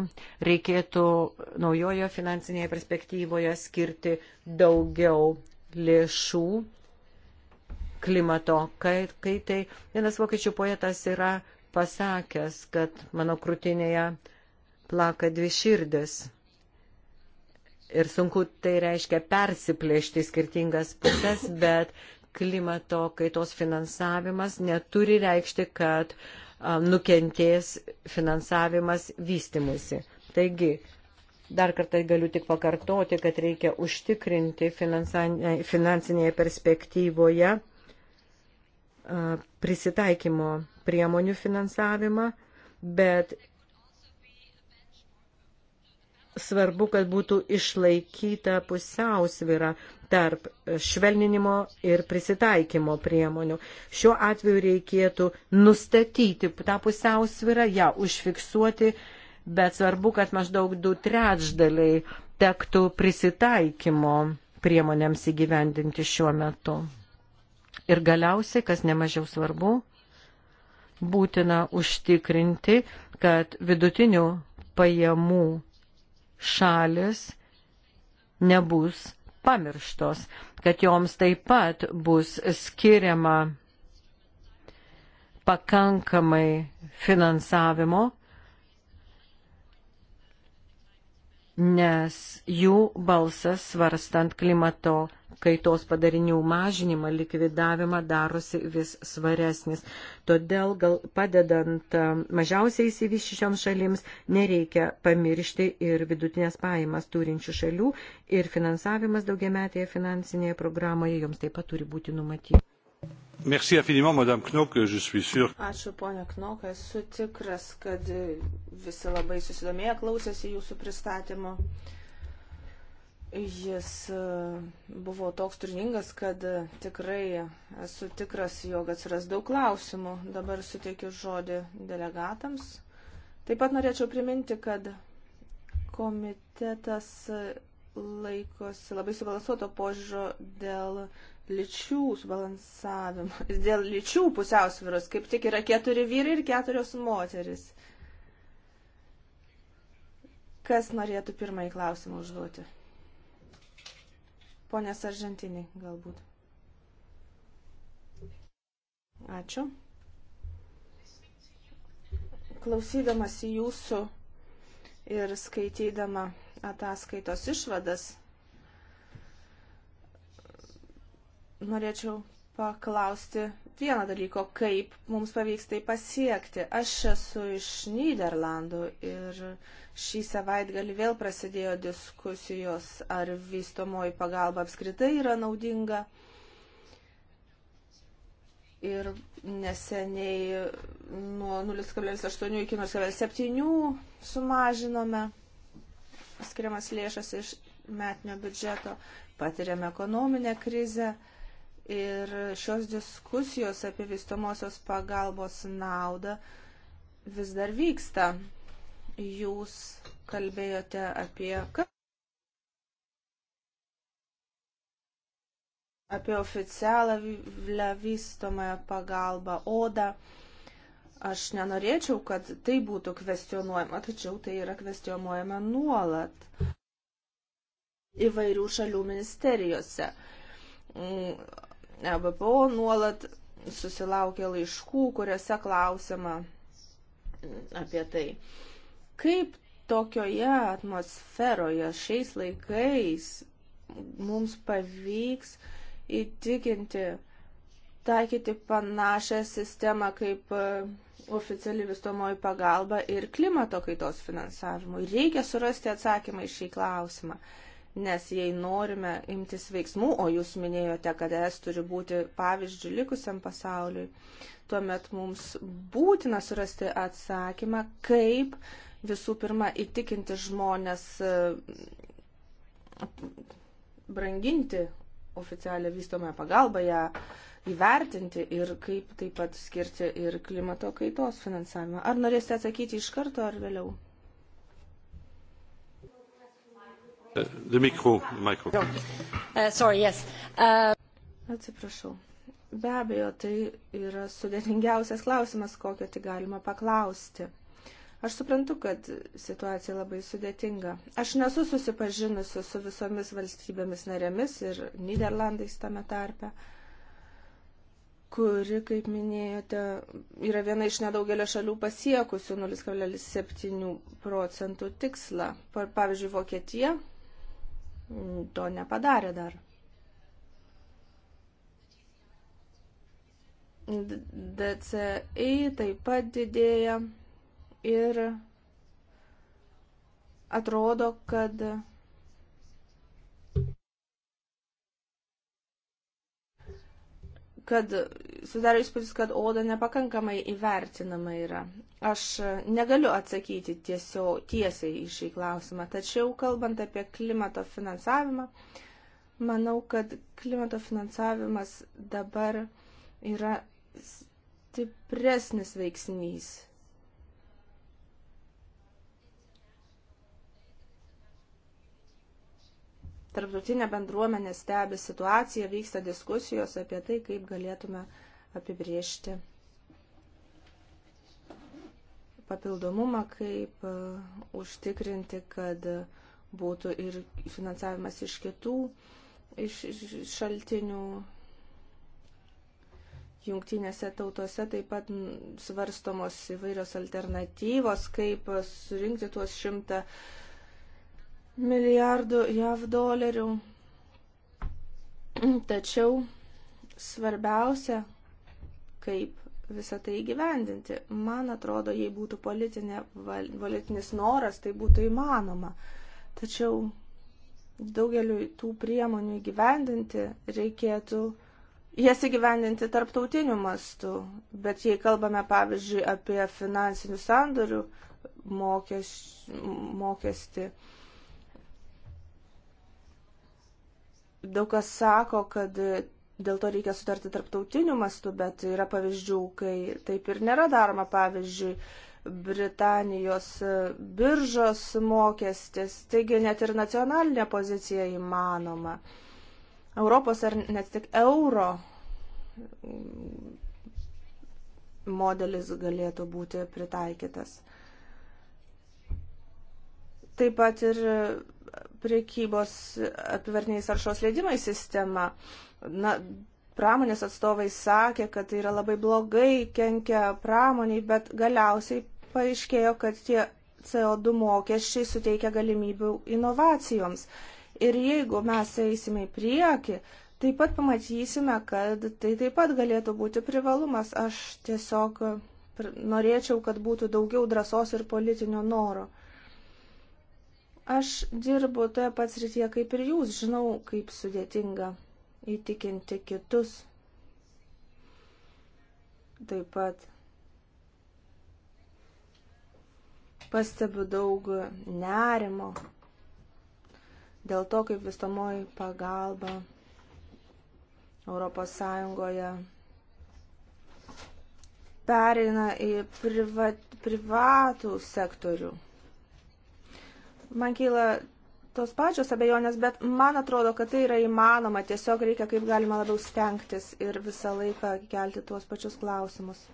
reikėtų naujojo finansinėje perspektyvoje skirti daugiau lėšų klimato kaitai. Vienas vokiečių poetas yra pasakęs, kad mano krūtinėje plaka dvi širdis ir sunku tai reiškia persiplėšti skirtingas pusės, bet klimato kaitos finansavimas neturi reikšti, kad nukentės finansavimas vystimusi. Taigi, dar kartą galiu tik pakartoti, kad reikia užtikrinti finansinėje perspektyvoje prisitaikymo priemonių finansavimą, bet svarbu, kad būtų išlaikyta pusiausvyra tarp švelninimo ir prisitaikymo priemonių. Šiuo atveju reikėtų nustatyti tą pusiausvyrą, ją užfiksuoti, bet svarbu, kad maždaug du trečdaliai tektų prisitaikymo priemonėms įgyvendinti šiuo metu. Ir galiausiai, kas nemažiau svarbu, būtina užtikrinti, kad vidutinių pajamų šalis nebus pamirštos, kad joms taip pat bus skiriama pakankamai finansavimo, nes jų balsas svarstant klimato kaitos padarinių mažinimą, likvidavimą darosi vis svaresnis. Todėl gal padedant mažiausiai įsivyščiams šalims nereikia pamiršti ir vidutinės pajamas turinčių šalių ir finansavimas daugiametėje finansinėje programoje joms taip pat turi būti numatyti. Merci infiniment, Madame Knok, je suis sûr. Ačiū, ponia Knok, esu tikras, kad visi labai susidomėję klausėsi jūsų pristatymo. Jis e, buvo toks turiningas, kad e, tikrai esu tikras, jog atsiras daug klausimų. Dabar suteikiu žodį delegatams. Taip pat norėčiau priminti, kad komitetas laikosi labai subalansuoto požiūrio dėl lyčių subalansavimo, dėl lyčių pusiausviros, kaip tik yra keturi vyrai ir keturios moteris. Kas norėtų pirmąjį klausimą užduoti? Pone Saržantinį, galbūt. Ačiū. Klausydamas į jūsų ir skaitydama ataskaitos išvadas, norėčiau paklausti vieną dalyko, kaip mums pavyks tai pasiekti. Aš esu iš Niderlandų ir šį savaitgalį vėl prasidėjo diskusijos, ar vystomoji pagalba apskritai yra naudinga. Ir neseniai nuo 0,8 iki 0,7 sumažinome skiriamas lėšas iš metinio biudžeto, patiriame ekonominę krizę. Ir šios diskusijos apie vystomosios pagalbos naudą vis dar vyksta. Jūs kalbėjote apie, apie oficialią vystomąją pagalbą odą. Aš nenorėčiau, kad tai būtų kvestionuojama, tačiau tai yra kvestionuojama nuolat įvairių šalių ministerijose mm, E BPO nuolat susilaukia laiškų, kuriuose klausima apie tai, kaip tokioje atmosferoje šiais laikais mums pavyks įtikinti, taikyti panašią sistemą kaip e, oficiali vystomoji pagalba ir klimato kaitos finansavimui. Reikia surasti atsakymą į šį klausimą nes jei norime imtis veiksmų, o jūs minėjote, kad es turi būti pavyzdžių likusiam pasauliui, tuomet mums būtina surasti atsakymą, kaip visų pirma įtikinti žmonės e, branginti oficialią vystomąją pagalbą, ją įvertinti ir kaip taip pat skirti ir klimato kaitos finansavimą. Ar norėsite atsakyti iš karto ar vėliau? Mikro, mikro. Uh, sorry, yes. Uh... Atsiprašau. Be abejo, tai yra sudėtingiausias klausimas, kokio tik galima paklausti. Aš suprantu, kad situacija labai sudėtinga. Aš nesu susipažinusi su visomis valstybėmis narėmis ir Niderlandais tame tarpe, kuri, kaip minėjote, yra viena iš nedaugelio šalių pasiekusių 0,7 procentų tikslą. Pavyzdžiui, Vokietija to nepadarė dar. DCI taip pat didėja ir atrodo, kad kad susidaro įspūdis, kad oda nepakankamai įvertinama yra. Aš negaliu atsakyti tiesiog tiesiai į šį klausimą, tačiau kalbant apie klimato finansavimą, manau, kad klimato finansavimas dabar yra stipresnis veiksnys Tarptautinė bendruomenė stebi situaciją, vyksta diskusijos apie tai, kaip galėtume apibriežti papildomumą, kaip e, užtikrinti, kad būtų ir finansavimas iš kitų iš šaltinių. Jungtinėse tautose taip pat svarstomos įvairios alternatyvos, kaip surinkti tuos šimtą 100 milijardų JAV dolerių. Tačiau svarbiausia, kaip visą tai gyvendinti. Man atrodo, jei būtų politinė, val, politinis noras, tai būtų įmanoma. Tačiau daugeliu tų priemonių įgyvendinti reikėtų jas įgyvendinti tarptautiniu mastu. Bet jei kalbame, pavyzdžiui, apie finansinių sandorių mokes, mokestį, mokestį Daug kas sako, kad dėl to reikia sutarti tarptautiniu mastu, bet yra pavyzdžių, kai taip ir nėra daroma. Pavyzdžiui, Britanijos biržos mokestis, taigi net ir nacionalinė pozicija įmanoma. Europos ar net tik euro modelis galėtų būti pritaikytas. Taip pat ir priekybos apivartiniais aršos leidimai sistema. Na, pramonės atstovai sakė, kad tai yra labai blogai, kenkia pramoniai, bet galiausiai paaiškėjo, kad tie CO2 mokesčiai suteikia galimybių inovacijoms. Ir jeigu mes eisime į priekį, taip pat pamatysime, kad tai taip pat galėtų būti privalumas. Aš tiesiog norėčiau, kad būtų daugiau drąsos ir politinio noro. Aš dirbu toje pats rytyje kaip ir jūs, žinau, kaip sudėtinga įtikinti kitus. Taip pat pastebiu daug nerimo dėl to, kaip visamoji pagalba Europos Sąjungoje pereina į privat, privatų sektorių man kyla tos pačios abejonės, bet man atrodo, kad tai yra įmanoma, tiesiog reikia kaip galima labiau stengtis ir visą laiką kelti tuos pačius klausimus.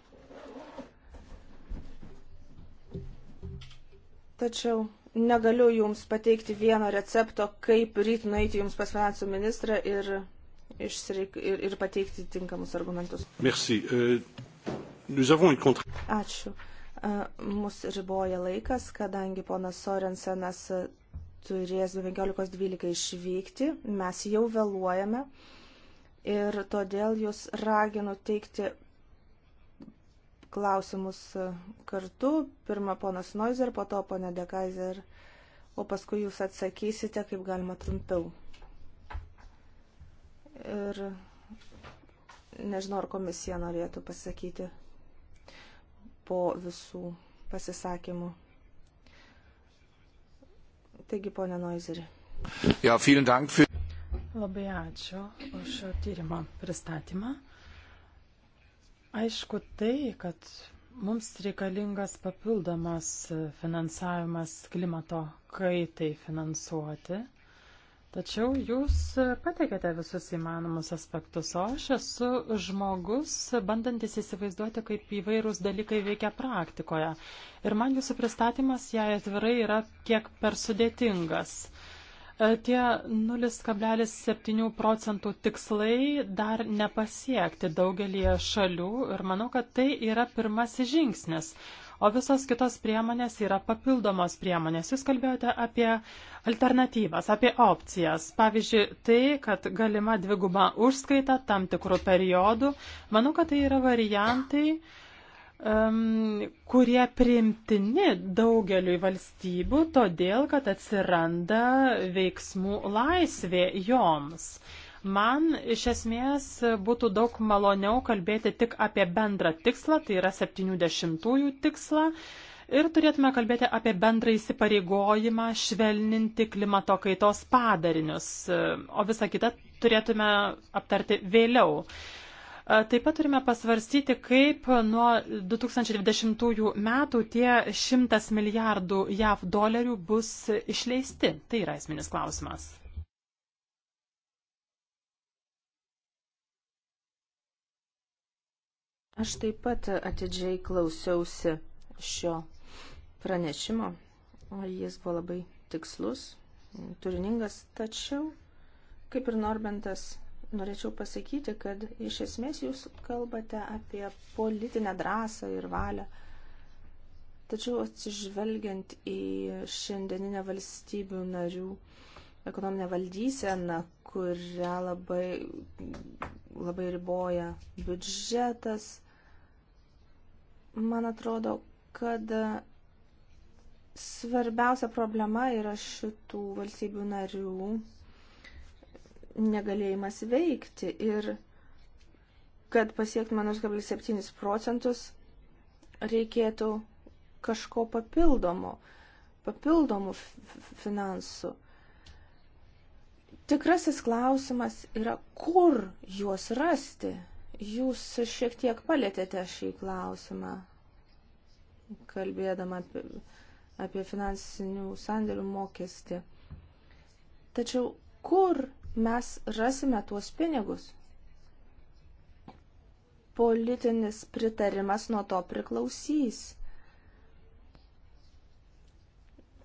Tačiau negaliu Jums pateikti vieno recepto, kaip ryt nueiti Jums pas finansų ministrą ir, išsireik, ir, ir pateikti tinkamus argumentus. Merci. Uh, nous avons une contre... Ačiū. Mus riboja laikas, kadangi ponas Sorensenas turės 15.12 išvykti, mes jau vėluojame ir todėl jūs raginu teikti klausimus kartu. Pirma ponas Noizer, po to ponė Dekaiser, o paskui jūs atsakysite kaip galima trumpiau. Ir nežinau, ar komisija norėtų pasakyti po visų pasisakymų. Taigi, ponė Noizerį. Ja, für... Labai ačiū už tyrimą pristatymą. Aišku tai, kad mums reikalingas papildomas finansavimas klimato kaitai finansuoti. Tačiau jūs pateikėte visus įmanomus aspektus, o aš esu žmogus, bandantis įsivaizduoti, kaip įvairūs dalykai veikia praktikoje. Ir man jūsų pristatymas, jei atvirai, yra kiek per sudėtingas. E, tie 0,7 procentų tikslai dar nepasiekti daugelį šalių ir manau, kad tai yra pirmasis žingsnis o visos kitos priemonės yra papildomos priemonės. Jūs kalbėjote apie alternatyvas, apie opcijas. Pavyzdžiui, tai, kad galima dviguba užskaita tam tikrų periodų. Manau, kad tai yra variantai, um, kurie primtini daugeliui valstybių, todėl kad atsiranda veiksmų laisvė joms. Man iš esmės būtų daug maloniau kalbėti tik apie bendrą tikslą, tai yra 70-ųjų tikslą. Ir turėtume kalbėti apie bendrą įsipareigojimą švelninti klimato kaitos padarinius, o visą kitą turėtume aptarti vėliau. Taip pat turime pasvarstyti, kaip nuo 2020 metų tie 100 milijardų JAV dolerių bus išleisti. Tai yra esminis klausimas. Aš taip pat atidžiai klausiausi šio pranešimo. Jis buvo labai tikslus, turiningas, tačiau, kaip ir Norbentas, norėčiau pasakyti, kad iš esmės jūs kalbate apie politinę drąsą ir valią. Tačiau atsižvelgiant į šiandieninę valstybių narių ekonominę valdyseną, kurią labai, labai riboja biudžetas, Man atrodo, kad svarbiausia problema yra šitų valstybių narių negalėjimas veikti ir kad pasiektume 0,7 procentus reikėtų kažko papildomo, papildomų finansų. Tikrasis klausimas yra, kur juos rasti. Jūs šiek tiek palėtėte šį klausimą, kalbėdama apie, apie finansinių sandėlių mokestį. Tačiau kur mes rasime tuos pinigus? Politinis pritarimas nuo to priklausys.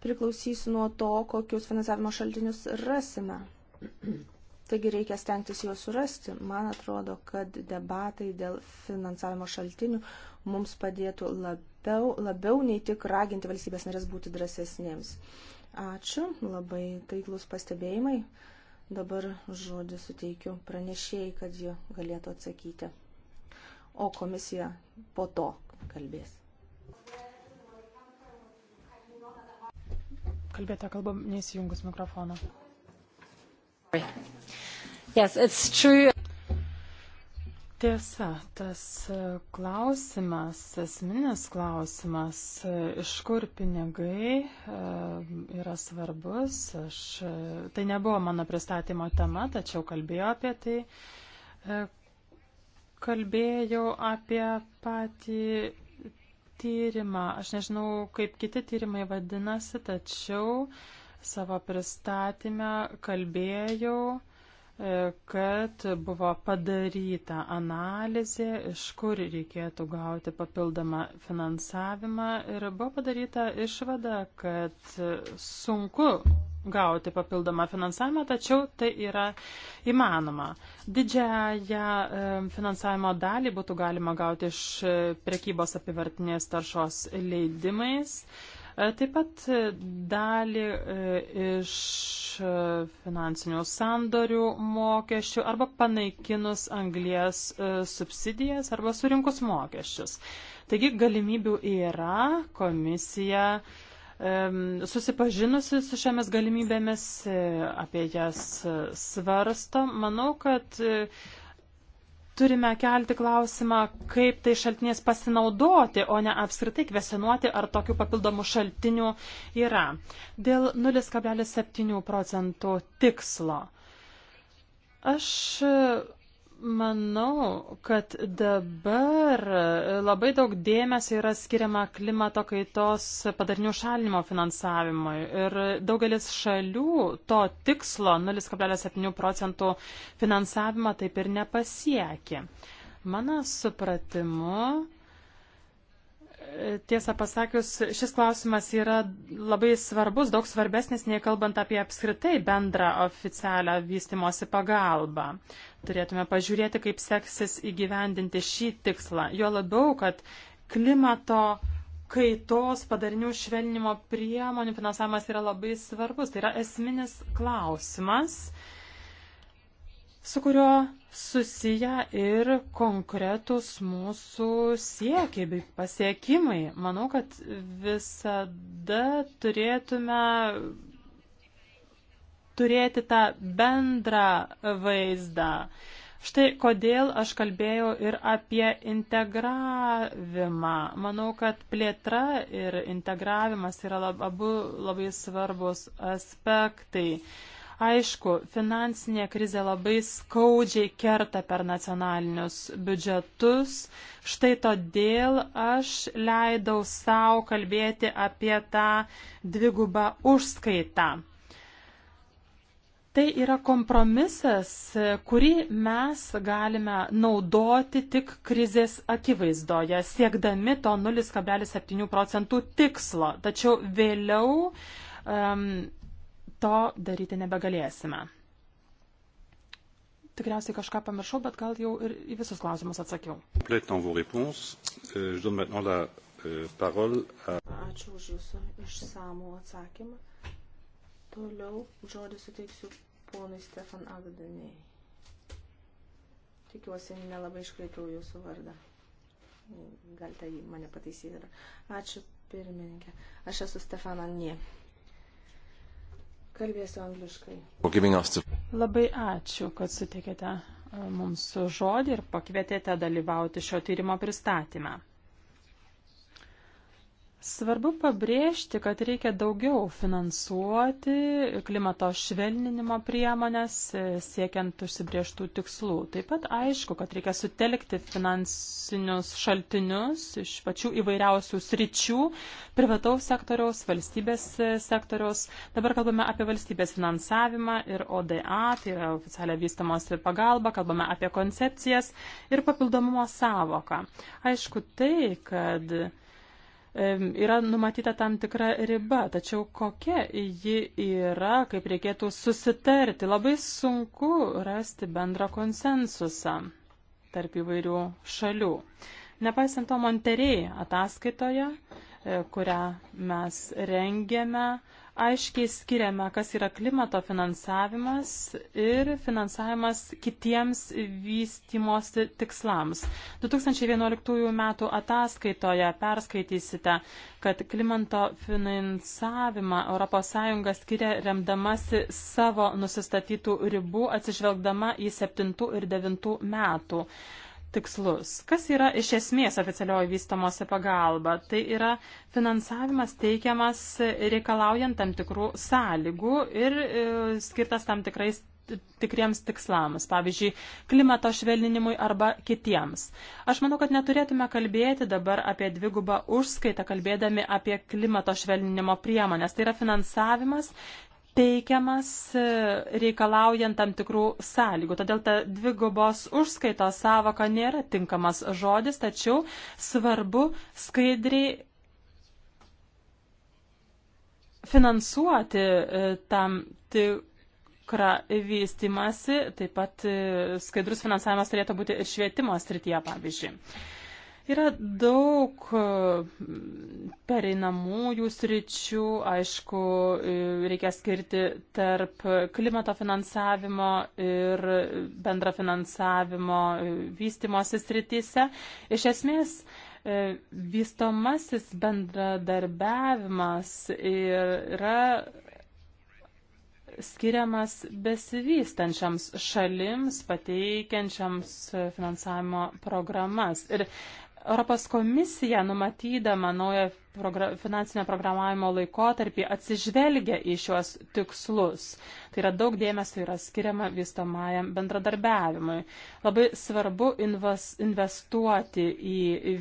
Priklausys nuo to, kokius finansavimo šaltinius rasime. Taigi reikia stengtis juos surasti. Man atrodo, kad debatai dėl finansavimo šaltinių mums padėtų labiau, labiau nei tik raginti valstybės narės būti drąsesnėms. Ačiū, labai taiklus pastebėjimai. Dabar žodį suteikiu pranešėjai, kad ji galėtų atsakyti. O komisija po to kalbės. Kalbėta kalba neįsijungus mikrofoną. Yes, it's true. Tiesa, tas e, klausimas, esminis klausimas, e, iš kur pinigai e, yra svarbus. Aš, tai nebuvo mano pristatymo tema, tačiau kalbėjau apie tai. Kalbėjau apie patį tyrimą. Aš nežinau, kaip kiti tyrimai vadinasi, tačiau uh, Savo pristatymę kalbėjau, e, kad buvo padaryta analizė, iš kur reikėtų gauti papildomą finansavimą ir buvo padaryta išvada, kad sunku gauti papildomą finansavimą, tačiau tai yra įmanoma. Didžiąją e, finansavimo dalį būtų galima gauti iš prekybos apivartinės taršos leidimais. E, taip pat e, dalį e, iš finansinių sandorių mokesčių arba panaikinus anglės subsidijas arba surinkus mokesčius. Taigi galimybių yra, komisija susipažinusi su šiomis galimybėmis, apie jas svarsto. Manau, kad turime kelti klausimą, kaip tai šaltiniais pasinaudoti, o ne apskritai kvesenuoti, ar tokių papildomų šaltinių yra. Dėl 0,7 procentų tikslo. Aš Manau, kad dabar labai daug dėmesio yra skiriama klimato kaitos padarinių šalinimo finansavimui ir daugelis šalių to tikslo 0,7 procentų finansavimą taip ir nepasiekė. Mano supratimu, tiesą pasakius, šis klausimas yra labai svarbus, daug svarbesnis, nei kalbant apie apskritai bendrą oficialią vystimosi pagalbą. Turėtume pažiūrėti, kaip seksis įgyvendinti šį tikslą. Jo labiau, kad klimato kaitos padarinių švelnimo priemonių finansavimas yra labai svarbus. Tai yra esminis klausimas. Uh, su kuriuo susiję ir konkretus mūsų siekiai bei pasiekimai. Manau, kad visada turėtume turėti tą bendrą vaizdą. Štai kodėl aš kalbėjau ir apie integravimą. Manau, kad plėtra ir integravimas yra lab, abu labai svarbus aspektai. Uh, Aišku, finansinė krizė labai skaudžiai kerta per nacionalinius biudžetus. Štai todėl aš leidau savo kalbėti apie tą dvigubą užskaitą. Tai yra kompromisas, kurį mes galime naudoti tik krizės akivaizdoje, siekdami to 0,7 procentų tikslo. Tačiau vėliau um, to daryti nebegalėsime. Tikriausiai kažką pamiršau, bet gal jau ir į visus klausimus atsakiau. Euh, euh, Ačiū už Jūsų išsamų atsakymą. Toliau žodį suteiksiu ponui Stefan Agdaniai. Tikiuosi, nelabai iškreipiau Jūsų vardą. Galite mane pataisyti. Ačiū pirmininkė. Aš esu Stefan Annie. Kalbėsiu angliškai. Labai ačiū, kad sutikėte e, mums žodį ir pakvietėte dalyvauti šio tyrimo pristatymą. Svarbu pabrėžti, kad reikia daugiau finansuoti klimato švelninimo priemonės, e, siekiant užsibrieštų tikslų. Taip pat aišku, kad reikia sutelkti finansinius šaltinius iš pačių įvairiausių sričių - privataus sektoriaus, valstybės e, sektoriaus. Dabar kalbame apie valstybės finansavimą ir ODA, tai yra oficialią vystamosi pagalbą, kalbame apie koncepcijas ir papildomumo savoką. Aišku, tai, kad yra numatyta tam tikra riba, tačiau kokia ji yra, kaip reikėtų susitarti, labai sunku rasti bendrą konsensusą tarp įvairių šalių. Nepaisant to, Monteriai ataskaitoje, e, kurią mes rengėme, aiškiai skiriame, kas yra klimato finansavimas ir finansavimas kitiems vystimosi tikslams. 2011 metų ataskaitoje perskaitysite, kad klimato finansavimą ES skiria remdamasi savo nusistatytų ribų atsižvelgdama į 7 ir 9 metų tikslus. Kas yra iš esmės oficialioji vystamosi pagalba? Tai yra finansavimas teikiamas reikalaujant tam tikrų sąlygų ir e, skirtas tam tikrais tikriems tikslams, pavyzdžiui, klimato švelninimui arba kitiems. Aš manau, kad neturėtume kalbėti dabar apie dvigubą užskaitą, kalbėdami apie klimato švelninimo priemonės. Tai yra finansavimas teikiamas e, reikalaujant tam tikrų sąlygų. Todėl ta dvigubos užskaitos savoka nėra tinkamas žodis, tačiau svarbu skaidriai finansuoti e, tam tikrą vystimąsi, taip pat e, skaidrus finansavimas turėtų būti ir švietimo srityje, pavyzdžiui. Yra daug e, pereinamųjų sričių, aišku, e, reikia skirti tarp klimato finansavimo ir bendra finansavimo e, vystimosi srityse. Iš esmės, vystomasis bendradarbiavimas yra skiriamas besivystančiams šalims, pateikiančiams finansavimo programas. Ir Europos komisija numatydama naują progra finansinio programavimo laikotarpį atsižvelgia į šiuos tikslus. Tai yra daug dėmesio yra skiriama vystamajam bendradarbiavimui. Labai svarbu invas, investuoti į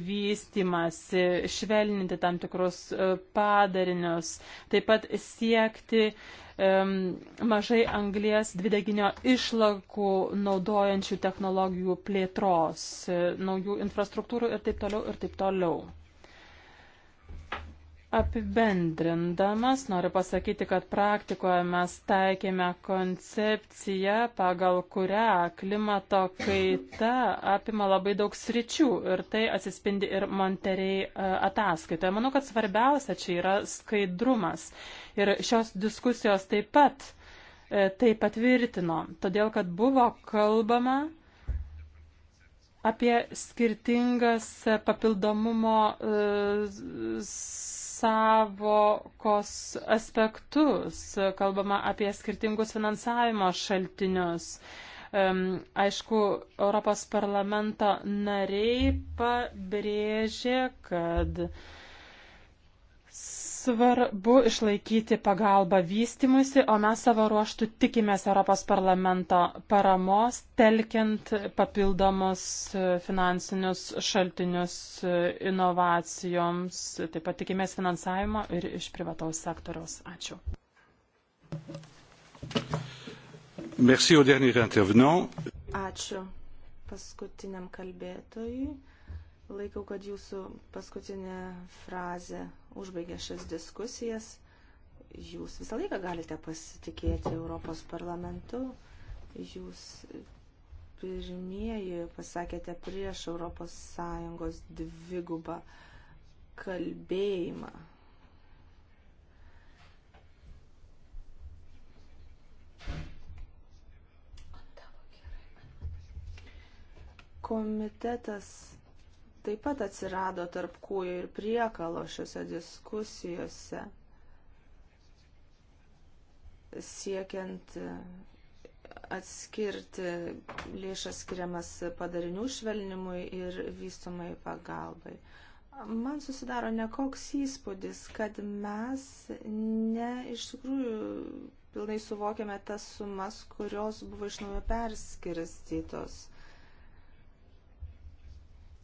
vystimąsi, švelninti tam tikrus e, padarinius, taip pat siekti um, mažai anglės dvideginio išlakų naudojančių technologijų plėtros, e, naujų infrastruktūrų ir taip toliau ir taip toliau. Apibendrindamas noriu pasakyti, kad praktikoje mes taikėme koncepciją, pagal kurią klimato kaita apima labai daug sričių ir tai atsispindi ir Monteriai e, ataskaitoje. Manau, kad svarbiausia čia yra skaidrumas ir šios diskusijos taip pat e, tai patvirtino, todėl kad buvo kalbama apie skirtingas papildomumo uh, savokos aspektus, kalbama apie skirtingus finansavimo šaltinius. Aišku, Europos parlamento nariai pabrėžė, kad svarbu išlaikyti pagalbą vystimusi, o mes savo ruoštų tikimės Europos parlamento paramos, telkiant papildomus finansinius šaltinius inovacijoms. Taip pat tikimės finansavimo ir iš privataus sektoriaus. Ačiū. Merci au dernier intervenant. Ačiū paskutiniam kalbėtojui. Laikau, kad jūsų paskutinė frazė užbaigė šias diskusijas. Jūs visą laiką galite pasitikėti Europos parlamentu. Jūs pirmieji pasakėte prieš Europos Sąjungos dvigubą kalbėjimą. Komitetas taip pat atsirado tarp kūjo ir priekalo šiuose diskusijose, siekiant e, atskirti lėšas skiriamas padarinių švelnimui ir vystomai pagalbai. Man susidaro nekoks įspūdis, kad mes ne iš tikrųjų pilnai suvokiame tas sumas, kurios buvo iš naujo perskirstytos.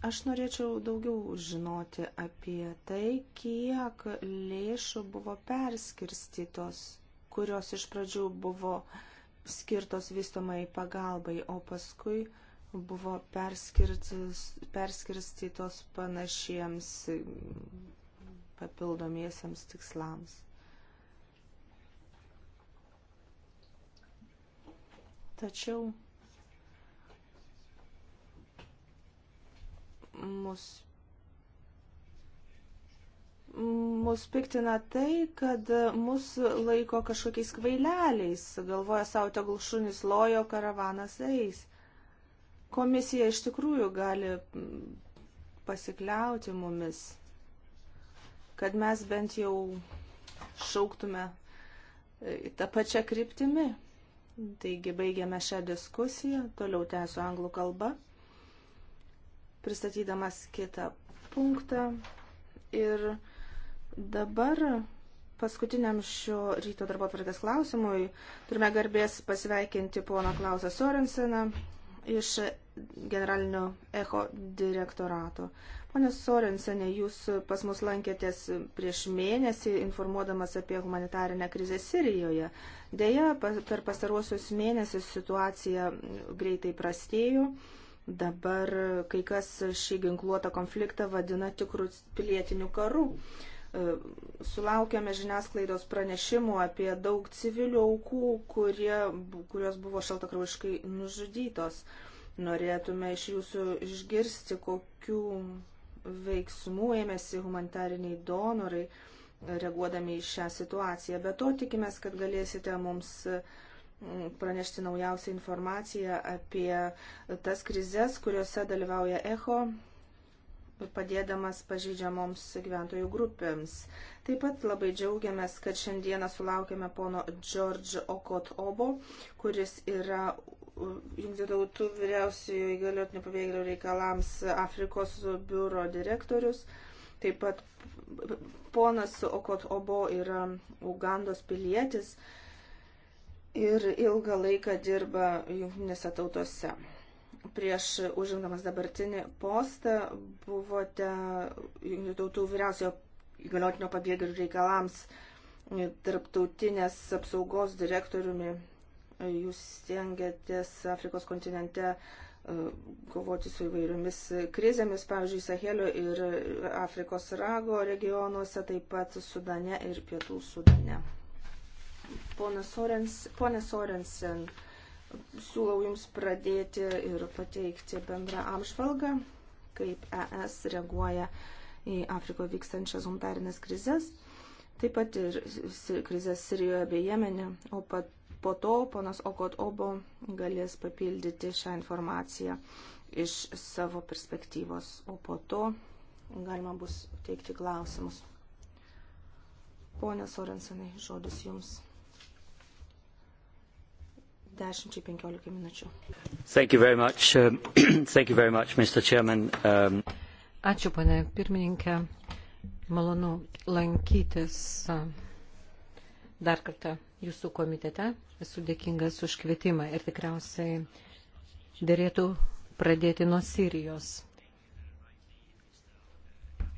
Aš norėčiau daugiau žinoti apie tai, kiek lėšų buvo perskirstytos, kurios iš pradžių buvo skirtos vystomai pagalbai, o paskui buvo perskirstytos panašiems papildomiesiems tikslams. Tačiau mus, mus piktina tai, kad mus laiko kažkokiais kvaileliais, galvoja savo tegul šunis lojo, karavanas eis. Komisija iš tikrųjų gali pasikliauti mumis, kad mes bent jau šauktume e, tą pačią kryptimį. Taigi baigiame šią diskusiją, toliau tęsiu anglų kalbą pristatydamas kitą punktą. Ir dabar paskutiniam šio ryto darbo atvarkės klausimui turime garbės pasveikinti poną Klausą Sorenseną iš generalinio echo direktorato. Pone Sorensenė, jūs pas mus lankėtės prieš mėnesį informuodamas apie humanitarinę krizę Sirijoje. Deja, per pastaruosius mėnesius situacija greitai prastėjo. Dabar kai kas šį ginkluotą konfliktą vadina tikrų pilietinių karų. E, sulaukėme žiniasklaidos pranešimų apie daug civilių aukų, kurie, kurios buvo šaltakrauškai nužudytos. Norėtume iš jūsų išgirsti, kokių veiksmų ėmėsi humanitariniai donorai reaguodami į šią situaciją. Be to tikimės, kad galėsite mums uh, pranešti naujausią informaciją apie tas krizės, kuriuose dalyvauja ECHO, padėdamas pažydžiamoms gyventojų grupėms. Taip pat labai džiaugiamės, kad šiandieną sulaukėme pono George Okot Obo, kuris yra Junktinių tautų vyriausiojo įgaliotinių pabėgėlių reikalams Afrikos biuro direktorius. Taip pat ponas Okot Obo yra Ugandos pilietis. Uh, ir ilgą laiką dirba jungtinėse tautose. Prieš užimdamas dabartinį postą buvote jungtinių tautų vyriausiojo įgaliotinio pabėgėlių reikalams tarptautinės apsaugos direktoriumi. Jūs stengiatės Afrikos kontinente e, kovoti su įvairiomis krizėmis, pavyzdžiui, Sahelio ir Afrikos rago regionuose, taip pat Sudane ir Pietų Sudane. Sorens, ponė Sorensen, siūlau Jums pradėti ir pateikti bendrą apžvalgą, kaip ES reaguoja į Afrikoje vykstančias humanitarinės krizės, taip pat ir krizės Sirijoje bei Jemenė, o pat po to ponas Okot Obo galės papildyti šią informaciją iš savo perspektyvos, o po to galima bus teikti klausimus. Pone Sorensenai, žodis Jums. 10-15 minučių. Thank you very much. Um, thank you very much, Mr. Chairman. Um... Ačiū, pane pirmininkė. Malonu lankytis uh, dar kartą jūsų komitete. Esu dėkingas už kvietimą ir tikriausiai dėrėtų pradėti nuo Sirijos.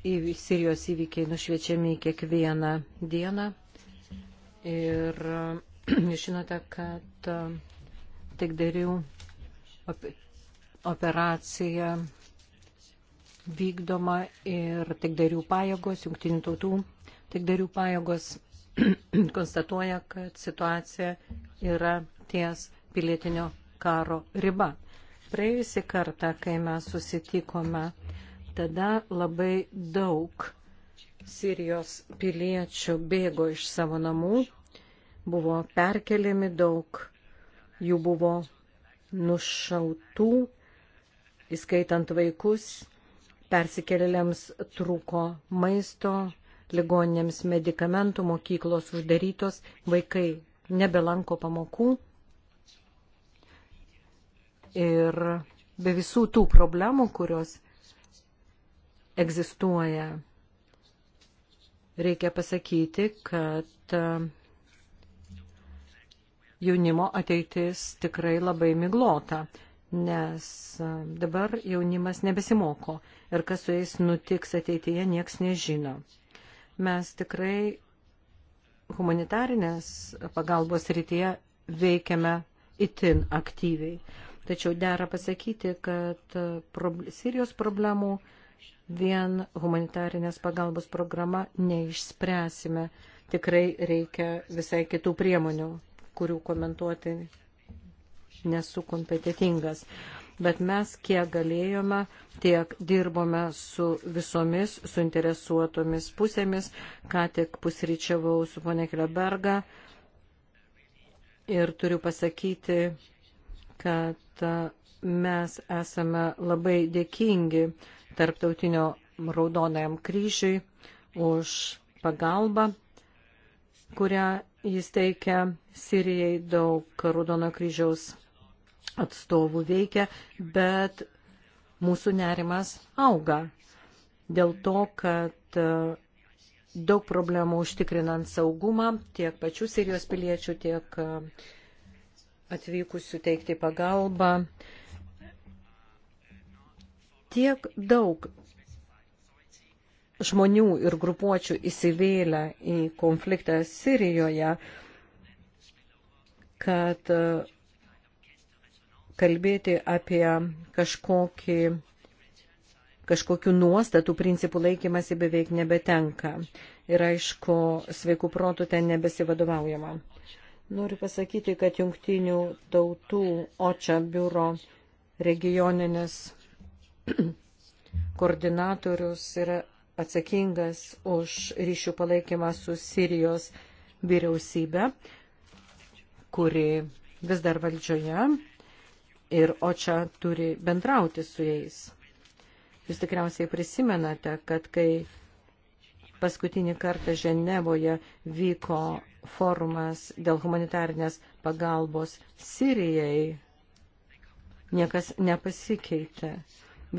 Į Sirijos įvykiai nušviečiami kiekvieną dieną. Ir uh, žinote, kad E, taikdarių operacija vykdoma ir taikdarių pajėgos, jungtinių tautų taikdarių pajėgos konstatuoja, kad situacija yra ties pilietinio karo riba. Praėjusį kartą, kai mes susitikome, tada labai daug Sirijos piliečių bėgo iš savo namų, buvo perkeliami daug jų buvo nušautų, įskaitant vaikus, persikėlėliams trūko maisto, ligoninėms medikamentų, mokyklos uždarytos, vaikai nebelanko pamokų. Ir be visų tų problemų, kurios egzistuoja, reikia pasakyti, kad jaunimo ateitis tikrai labai miglota, nes e, dabar jaunimas nebesimoko ir kas su jais nutiks ateityje, nieks nežino. Mes tikrai humanitarinės pagalbos rytyje veikiame itin aktyviai. Tačiau dera pasakyti, kad e, Sirijos problemų vien humanitarinės pagalbos programa neišspręsime. Tikrai reikia visai kitų priemonių kurių komentuoti nesu kompetitingas. Bet mes kiek galėjome, tiek dirbome su visomis suinteresuotomis pusėmis, ką tik pusryčiavau su ponė Kleberga ir turiu pasakyti, kad mes esame labai dėkingi tarptautinio raudonajam kryžiui už pagalbą kurią jis teikia Sirijai, daug Raudono kryžiaus atstovų veikia, bet mūsų nerimas auga dėl to, kad e, daug problemų užtikrinant saugumą tiek pačių Sirijos piliečių, tiek e, atvykusių teikti pagalbą. Tiek daug žmonių ir grupuočių įsivėlę į konfliktą Sirijoje, kad e, kalbėti apie kažkokį, kažkokių nuostatų principų laikymasi beveik nebetenka. Ir aišku, sveikų protų ten nebesivadovaujama. Noriu pasakyti, kad jungtinių tautų OČA biuro regioninis koordinatorius yra atsakingas už ryšių palaikymą su Sirijos vyriausybė, kuri vis dar valdžioje ir Očia turi bendrauti su jais. Jūs tikriausiai prisimenate, kad kai paskutinį kartą Ženevoje vyko forumas dėl humanitarnės pagalbos Sirijai, niekas nepasikeitė.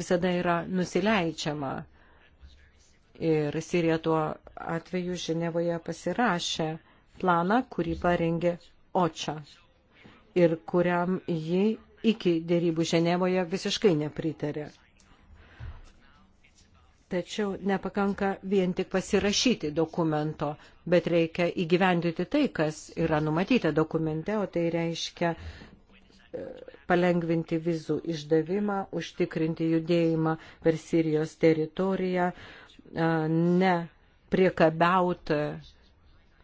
Visada yra nusileidžiama Ir Sirija tuo atveju Ženevoje pasirašė planą, kurį parengė Oča ir kuriam ji iki dėrybų Ženevoje visiškai nepritarė. Tačiau nepakanka vien tik pasirašyti dokumento, bet reikia įgyvendyti tai, kas yra numatyta dokumente, o tai reiškia e, palengvinti vizų išdavimą, užtikrinti judėjimą per Sirijos teritoriją, uh, ne priekabiauti,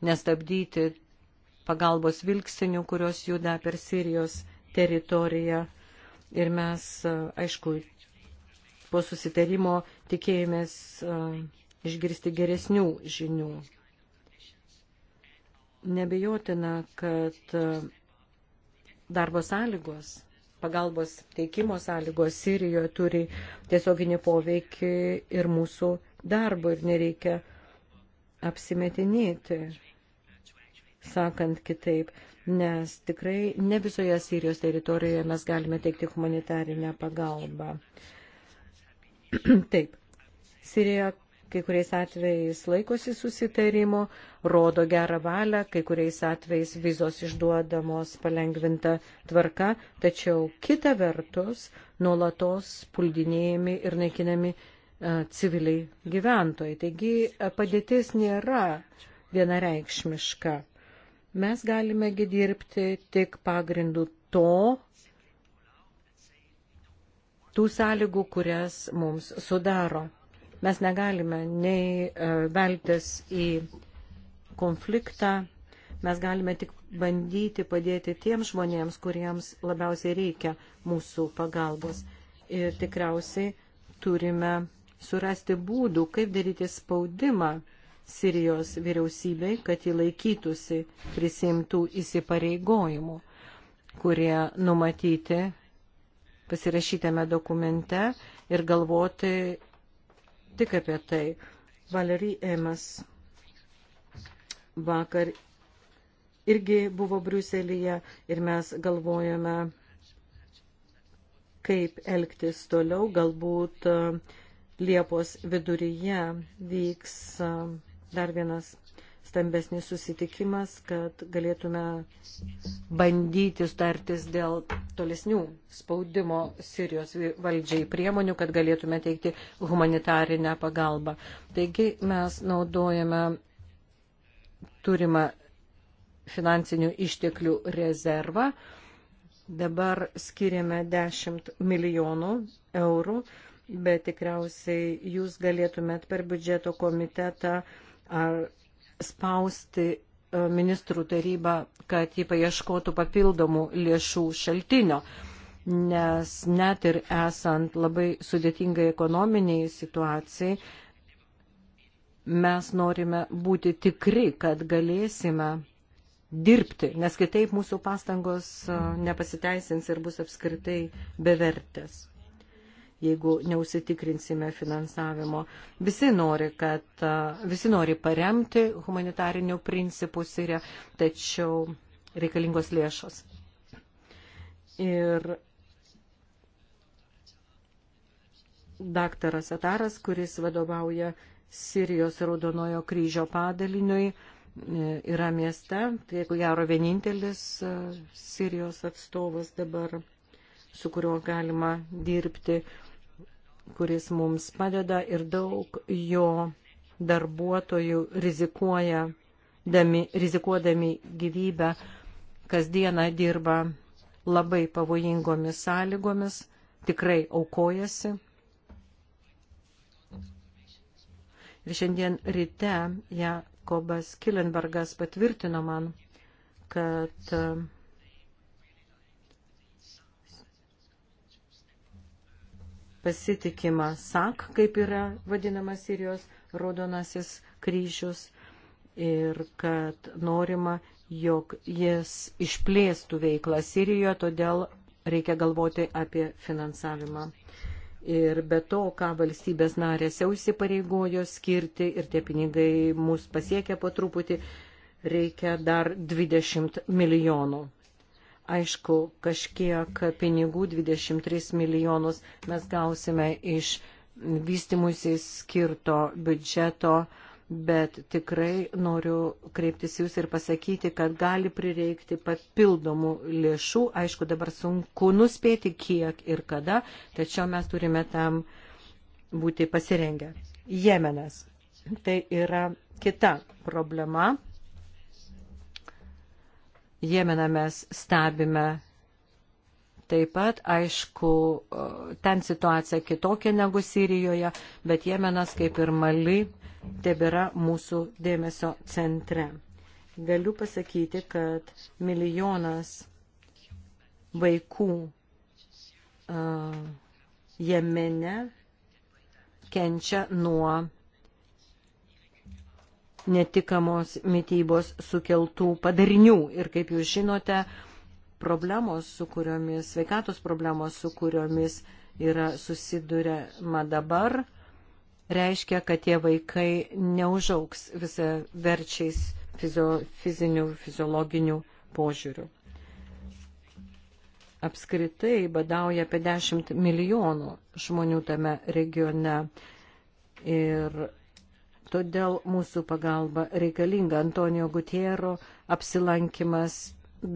nestabdyti pagalbos vilksinių, kurios juda per Sirijos teritoriją. Ir mes, aišku, po susitarimo tikėjomės išgirsti geresnių žinių. Nebejotina, kad darbo sąlygos pagalbos teikimo sąlygos Sirijoje turi tiesioginį poveikį ir mūsų darbo ir nereikia apsimetinėti, sakant kitaip, nes tikrai ne visoje Sirijos teritorijoje mes galime teikti humanitarinę pagalbą. Taip, Sirija kai kuriais atvejais laikosi susitarimo, rodo gerą valią, kai kuriais atvejais vizos išduodamos palengvinta tvarka, tačiau kita vertus nuolatos puldinėjami ir naikinami E, civiliai gyventojai. Taigi e, padėtis nėra vienareikšmiška. Mes galimegi dirbti tik pagrindų to, tų sąlygų, kurias mums sudaro. Mes negalime nei e, veltis į konfliktą, mes galime tik bandyti padėti tiems žmonėms, kuriems labiausiai reikia mūsų pagalbos. Ir tikriausiai turime surasti būdų, kaip daryti spaudimą Sirijos vyriausybei, kad jį laikytųsi prisimtų įsipareigojimų, kurie numatyti pasirašytame dokumente ir galvoti tik apie tai. Valery Emas vakar irgi buvo Briuselyje ir mes galvojame, kaip elgtis toliau, galbūt uh, Liepos viduryje vyks dar vienas stambesnis susitikimas, kad galėtume bandyti startis dėl tolesnių spaudimo Sirijos valdžiai priemonių, kad galėtume teikti humanitarinę pagalbą. Taigi mes naudojame turimą finansinių išteklių rezervą. Dabar skiriame 10 milijonų eurų bet tikriausiai jūs galėtumėt per biudžeto komitetą ar spausti ministrų tarybą, kad jį paieškotų papildomų lėšų šaltinio, nes net ir esant labai sudėtingai ekonominiai situacijai, mes norime būti tikri, kad galėsime dirbti, nes kitaip mūsų pastangos nepasiteisins ir bus apskritai bevertės jeigu neusitikrinsime finansavimo. Visi nori, kad, visi nori paremti humanitarinių principų Siriją, tačiau reikalingos lėšos. Ir daktaras Ataras, kuris vadovauja Sirijos Raudonojo kryžio padaliniui, e, yra mieste, tai jeigu gero vienintelis e, Sirijos atstovas dabar, su kuriuo galima dirbti kuris mums padeda ir daug jo darbuotojų rizikuoja, dami, rizikuodami gyvybę, kasdieną dirba labai pavojingomis sąlygomis, tikrai aukojasi. Ir šiandien ryte Jakobas Kilenbergas patvirtino man, kad uh, pasitikima SAK, kaip yra vadinamas Sirijos raudonasis kryžius, ir kad norima, jog jis išplėstų veiklą Sirijoje, todėl reikia galvoti apie finansavimą. Ir be to, ką valstybės narės jau įsipareigojo skirti ir tie pinigai mus pasiekia po truputį, reikia dar 20 milijonų Aišku, kažkiek pinigų 23 milijonus mes gausime iš vystimusi skirto biudžeto, bet tikrai noriu kreiptis jūs ir pasakyti, kad gali prireikti papildomų lėšų. Aišku, dabar sunku nuspėti, kiek ir kada, tačiau mes turime tam būti pasirengę. Jemenas. Tai yra kita problema Jemeną mes stebime taip pat, aišku, ten situacija kitokia negu Sirijoje, bet Jemenas, kaip ir Mali, tebėra mūsų dėmesio centre. Galiu pasakyti, kad milijonas vaikų uh, Jemene kenčia nuo netikamos mytybos sukeltų padarinių. Ir kaip jūs žinote, problemos, su kuriomis, sveikatos problemos, su kuriomis yra susidurima dabar, reiškia, kad tie vaikai neužauks visą verčiais fizio, fizinių, fiziologinių požiūrių. Apskritai badauja apie 10 milijonų žmonių tame regione ir Todėl mūsų pagalba reikalinga. Antonijo Gutiero apsilankimas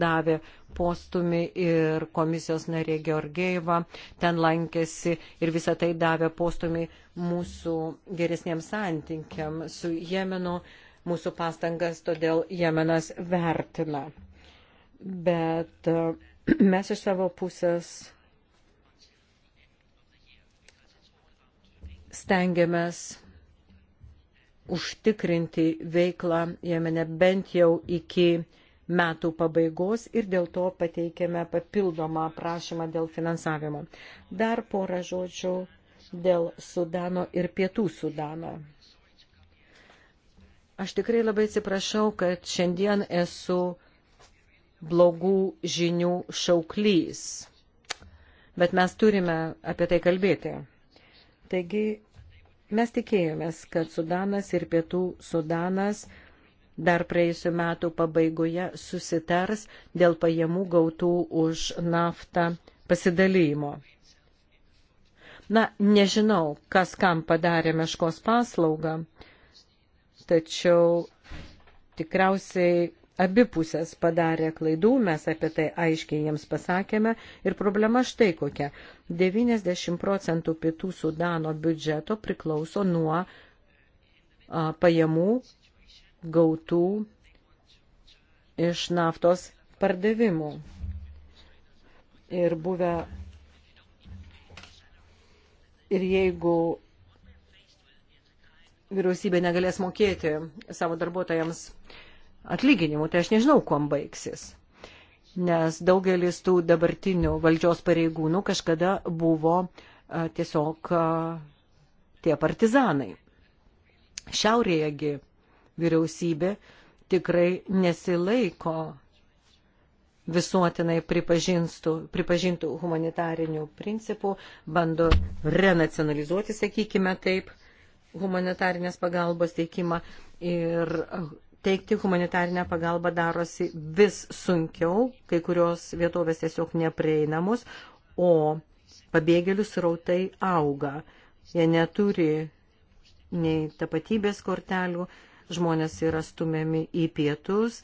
davė postumį ir komisijos narė Georgieva ten lankėsi ir visą tai davė postumį mūsų geresniems santinkiam su Jemenu, mūsų pastangas, todėl Jemenas vertina. Bet e, mes iš savo pusės stengiamės užtikrinti veiklą Jemene bent jau iki metų pabaigos ir dėl to pateikėme papildomą prašymą dėl finansavimo. Dar porą žodžių dėl Sudano ir Pietų Sudano. Aš tikrai labai atsiprašau, kad šiandien esu blogų žinių šauklys, bet mes turime apie tai kalbėti. Taigi Mes tikėjomės, kad Sudanas ir Pietų Sudanas dar praėjusiu metu pabaigoje susitars dėl pajamų gautų už naftą pasidalymo. Na, nežinau, kas kam padarė meškos paslaugą, tačiau tikriausiai abipusės padarė klaidų, mes apie tai aiškiai jiems pasakėme ir problema štai kokia. 90 procentų pietų Sudano biudžeto priklauso nuo a, pajamų gautų iš naftos pardavimų. Ir buvę. Ir jeigu vyriausybė negalės mokėti savo darbuotojams atlyginimų, tai aš nežinau, kuom baigsis. Nes daugelis tų dabartinių valdžios pareigūnų kažkada buvo tiesiog tie partizanai. Šiaurėjegi vyriausybė tikrai nesilaiko visuotinai pripažintų humanitarinių principų, bando renacionalizuoti, sakykime taip, humanitarinės pagalbos teikimą ir teikti humanitarinę pagalbą darosi vis sunkiau, kai kurios vietovės tiesiog neprieinamos, o pabėgėlių srautai auga. Jie neturi nei tapatybės kortelių, žmonės yra stumiami į pietus,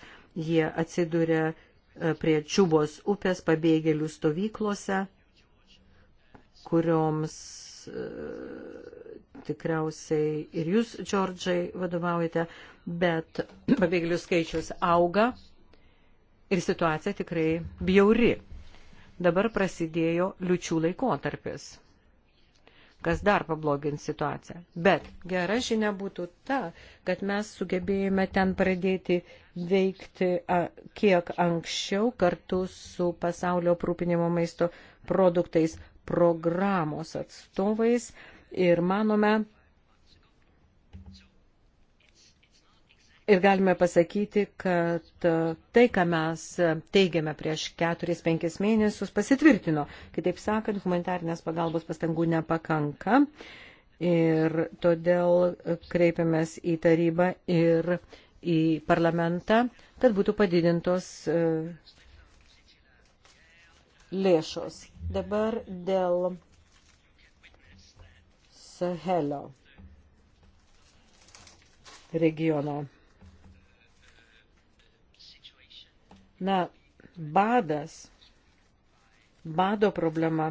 jie atsiduria e, prie Čiubos upės pabėgėlių stovyklose, kurioms e, tikriausiai ir jūs, Džordžai, vadovaujate, bet pabėgėlių skaičius auga ir situacija tikrai bjauri. Dabar prasidėjo liučių laikotarpis, kas dar pablogins situaciją. Bet gera žinia būtų ta, kad mes sugebėjome ten pradėti veikti a, kiek anksčiau kartu su pasaulio aprūpinimo maisto produktais programos atstovais ir manome, Ir galime pasakyti, kad tai, ką mes teigiame prieš 4-5 mėnesius, pasitvirtino. Kitaip sakant, humanitarnės pagalbos pastangų nepakanka. Ir todėl kreipiamės į tarybą ir į parlamentą, kad būtų padidintos e, lėšos. Dabar dėl Sahelio regiono. Na, badas, bado problema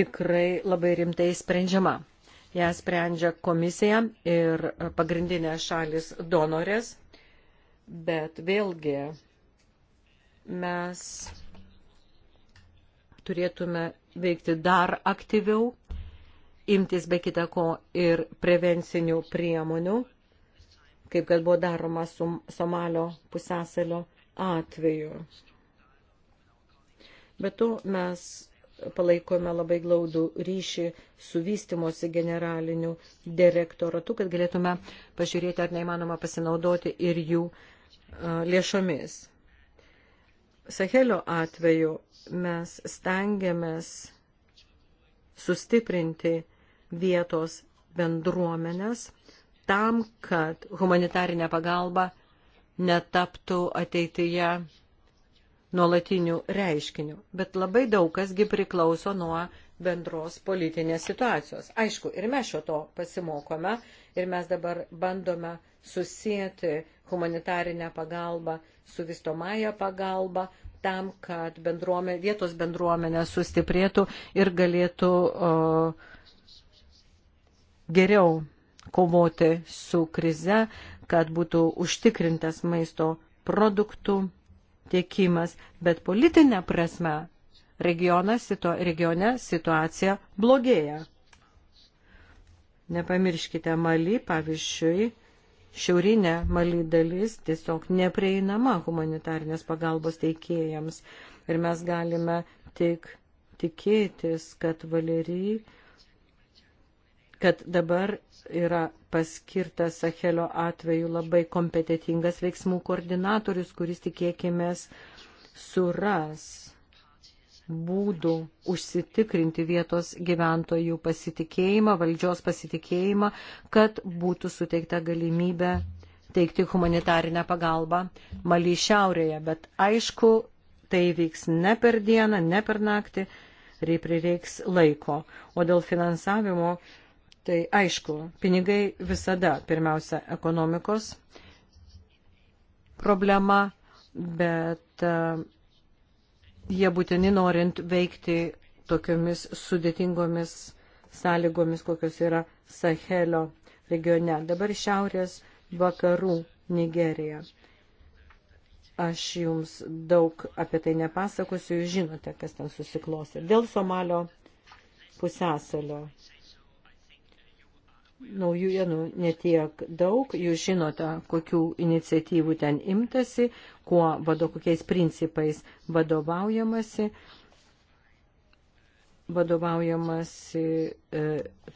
tikrai labai rimtai sprendžiama. Ja sprendžia komisija ir pagrindinės šalis donorės, bet vėlgi mes turėtume veikti dar aktyviau imtis be kita ko ir prevencinių priemonių, kaip kad buvo daroma su Somalio pusęsalio atveju. Bet to mes palaikome labai glaudų ryšį su vystimosi generaliniu direktoratu, kad galėtume pažiūrėti, ar neįmanoma pasinaudoti ir jų lėšomis. Sahelio atveju mes stengiamės sustiprinti vietos bendruomenės tam, kad humanitarinė pagalba netaptų ateityje nuolatinių reiškinių. Bet labai daug kasgi priklauso nuo bendros politinės situacijos. Aišku, ir mes šio to pasimokome ir mes dabar bandome susijęti humanitarinę pagalbą su vystomąją pagalbą tam, kad bendruomenė, vietos bendruomenė sustiprėtų ir galėtų uh, geriau kovoti su krize, kad būtų užtikrintas maisto produktų tiekimas, bet politinė prasme situ, regione situacija blogėja. Nepamirškite, Mali, pavyzdžiui, šiaurinė Mali dalis tiesiog neprieinama humanitarnės pagalbos teikėjams. Ir mes galime tik tikėtis, kad Valerijai kad dabar yra paskirtas Sahelio atveju labai kompetitingas veiksmų koordinatorius, kuris tikėkime suras būdų užsitikrinti vietos gyventojų pasitikėjimą, valdžios pasitikėjimą, kad būtų suteikta galimybė teikti humanitarinę pagalbą Mali šiaurėje. Bet aišku, tai vyks ne per dieną, ne per naktį ir prireiks laiko. O dėl finansavimo Tai aišku, pinigai visada pirmiausia ekonomikos problema, bet e, jie būtini norint veikti tokiomis sudėtingomis sąlygomis, kokios yra Sahelio regione. Dabar šiaurės vakarų Nigerija. Aš jums daug apie tai nepasakosiu, jūs žinote, kas ten susiklosi. Dėl Somalio pusėsalio naujienų netiek daug, jūs žinote, kokių iniciatyvų ten imtasi, kuo vado, kokiais principais vadovaujamasi, vadovaujamasi e,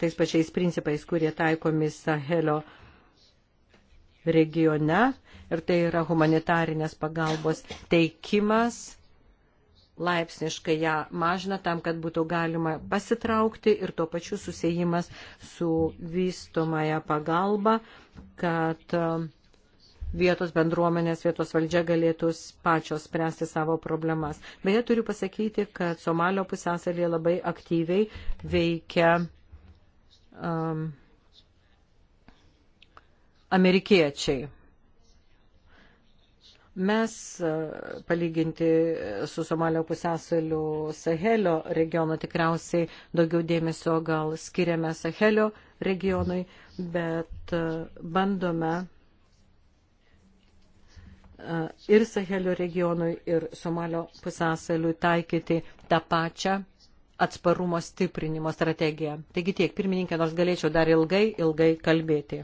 tais pačiais principais, kurie taikomi Sahelio regione ir tai yra humanitarinės pagalbos teikimas laipsniškai ją mažina tam, kad būtų galima pasitraukti ir tuo pačiu susijimas su vystomąją pagalbą, kad um, vietos bendruomenės, vietos valdžia galėtų pačios spręsti savo problemas. Beje, turiu pasakyti, kad Somalio pusėsalėje labai aktyviai veikia um, amerikiečiai Mes, e, palyginti su Somalio pusėsaliu Sahelio regionu, tikriausiai daugiau dėmesio gal skiriame Sahelio regionui, bet e, bandome e, ir Sahelio regionui, ir Somalio pusėsaliu taikyti tą pačią atsparumo stiprinimo strategiją. Taigi tiek, pirmininkė, nors galėčiau dar ilgai, ilgai kalbėti.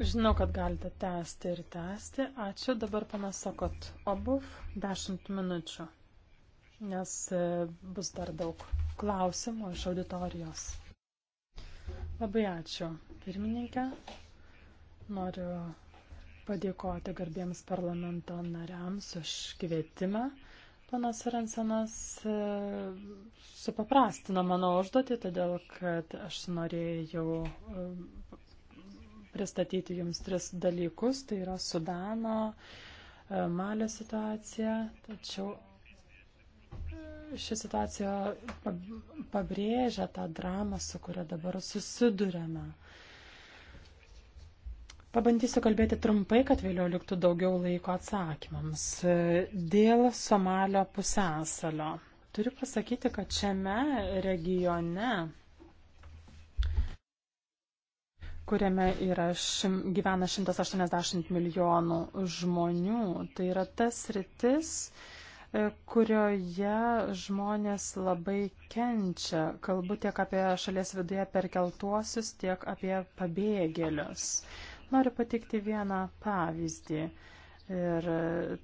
Žinau, kad galite tęsti ir tęsti. Ačiū. Dabar panasakot obuf 10 minučių, nes e, bus dar daug klausimų iš auditorijos. Labai ačiū, pirmininkė. Noriu padėkoti garbiems parlamento nariams už kvietimą. Panas Rensenas e, supaprastino mano užduotį, todėl kad aš norėjau e, pristatyti jums tris dalykus, tai yra Sudano, e, Malio situacija, tačiau e, ši situacija pabrėžia tą dramą, su kuria dabar susidurėme. Pabandysiu kalbėti trumpai, kad vėliau liktų daugiau laiko atsakymams. E, dėl Somalio pusęsalio. Turiu pasakyti, kad šiame regione kuriame yra šim, gyvena 180 milijonų žmonių. Tai yra tas rytis, e, kurioje žmonės labai kenčia. Kalbu tiek apie šalies viduje perkeltuosius, tiek apie pabėgėlius. Noriu patikti vieną pavyzdį. Ir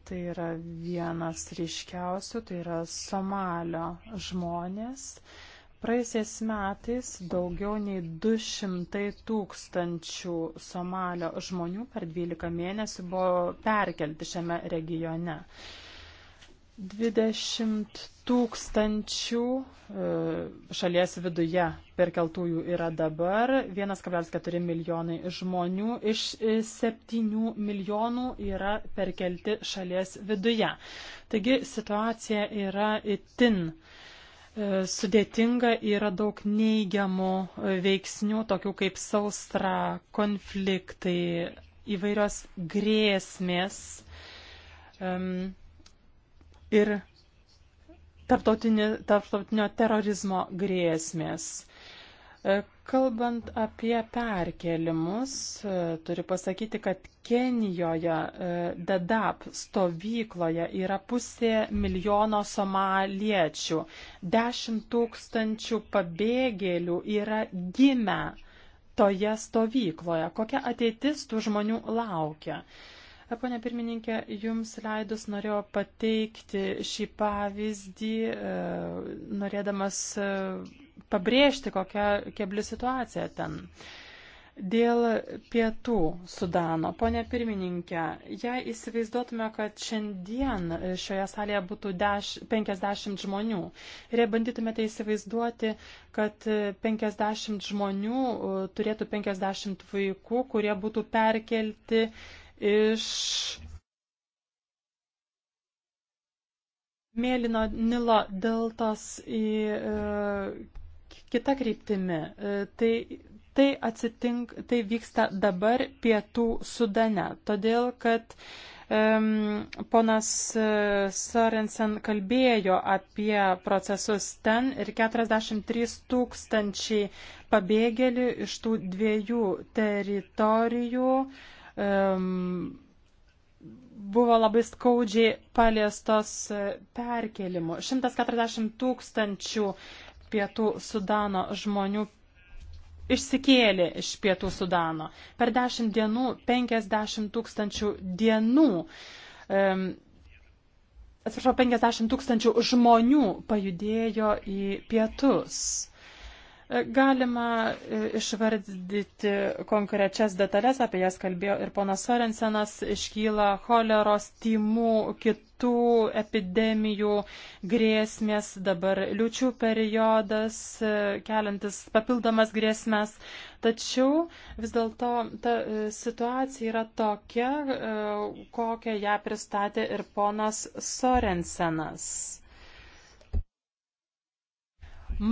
tai yra vienas ryškiausių, tai yra Somalio žmonės. Uh, Praėjusiais metais daugiau nei 200 tūkstančių Somalio žmonių per 12 mėnesių buvo perkelti šiame regione. 20 tūkstančių e, šalies viduje perkeltųjų yra dabar, 1,4 milijonai žmonių iš 7 e, milijonų yra perkelti šalies viduje. Taigi situacija yra itin uh, E, sudėtinga yra daug neigiamų e, veiksnių, tokių kaip saustra, konfliktai, įvairios grėsmės um, ir tarptautinio terorizmo grėsmės. E, Kalbant apie perkelimus, e, turiu pasakyti, kad Kenijoje e, Dadap stovykloje yra pusė milijono somaliečių. Dešimt tūkstančių pabėgėlių yra gimę toje stovykloje. Kokia ateitis tų žmonių laukia? E, Pone pirmininkė, jums leidus norėjau pateikti šį pavyzdį, norėdamas pabrėžti, kokia kebli situacija ten. Dėl pietų Sudano, ponė pirmininkė, jei įsivaizduotume, kad šiandien šioje salėje būtų deš, 50 žmonių ir jei bandytumėte įsivaizduoti, kad 50 žmonių e, turėtų 50 vaikų, kurie būtų perkelti iš Mėlyno Nilo deltos į e, kita kryptimi. E, tai, tai, atsitink, tai vyksta dabar pietų sudane, todėl kad um, ponas e, Sorensen kalbėjo apie procesus ten ir 43 tūkstančiai pabėgėlių iš tų dviejų teritorijų. Um, buvo labai skaudžiai paliestos e, perkelimu. 140 tūkstančių uh, pietų Sudano žmonių išsikėlė iš pietų Sudano. Per 10 dienų 50 tūkstančių dienų. Um, Atsiprašau, 50 tūkstančių žmonių pajudėjo į pietus. Galima e, išvardyti konkrečias detalės, apie jas kalbėjo ir ponas Sorensenas, iškyla choleros, timų, kitų epidemijų, grėsmės, dabar liučių periodas, e, keliantis papildomas grėsmės. Tačiau vis dėlto ta e, situacija yra tokia, kokią ją pristatė ir ponas Sorensenas.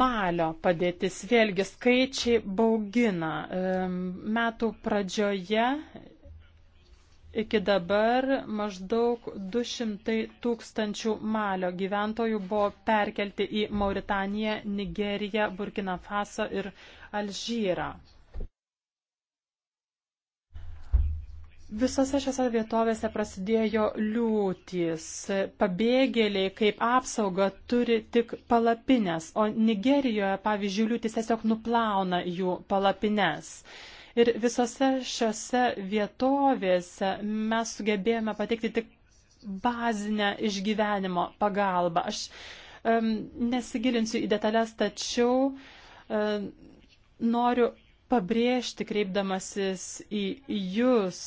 Malio padėtis vėlgi skaičiai baugina. Metų pradžioje iki dabar maždaug 200 tūkstančių Malio gyventojų buvo perkelti į Mauritaniją, Nigeriją, Burkina Faso ir Alžyrą. Visose šiose vietovėse prasidėjo liūtys. Pabėgėliai kaip apsauga turi tik palapines, o Nigerijoje, pavyzdžiui, liūtis tiesiog nuplauna jų palapines. Ir visose šiose vietovėse mes sugebėjome pateikti tik bazinę išgyvenimo pagalbą. Aš um, nesigilinsiu į detalės, tačiau um, noriu pabrėžti, kreipdamasis į jūs,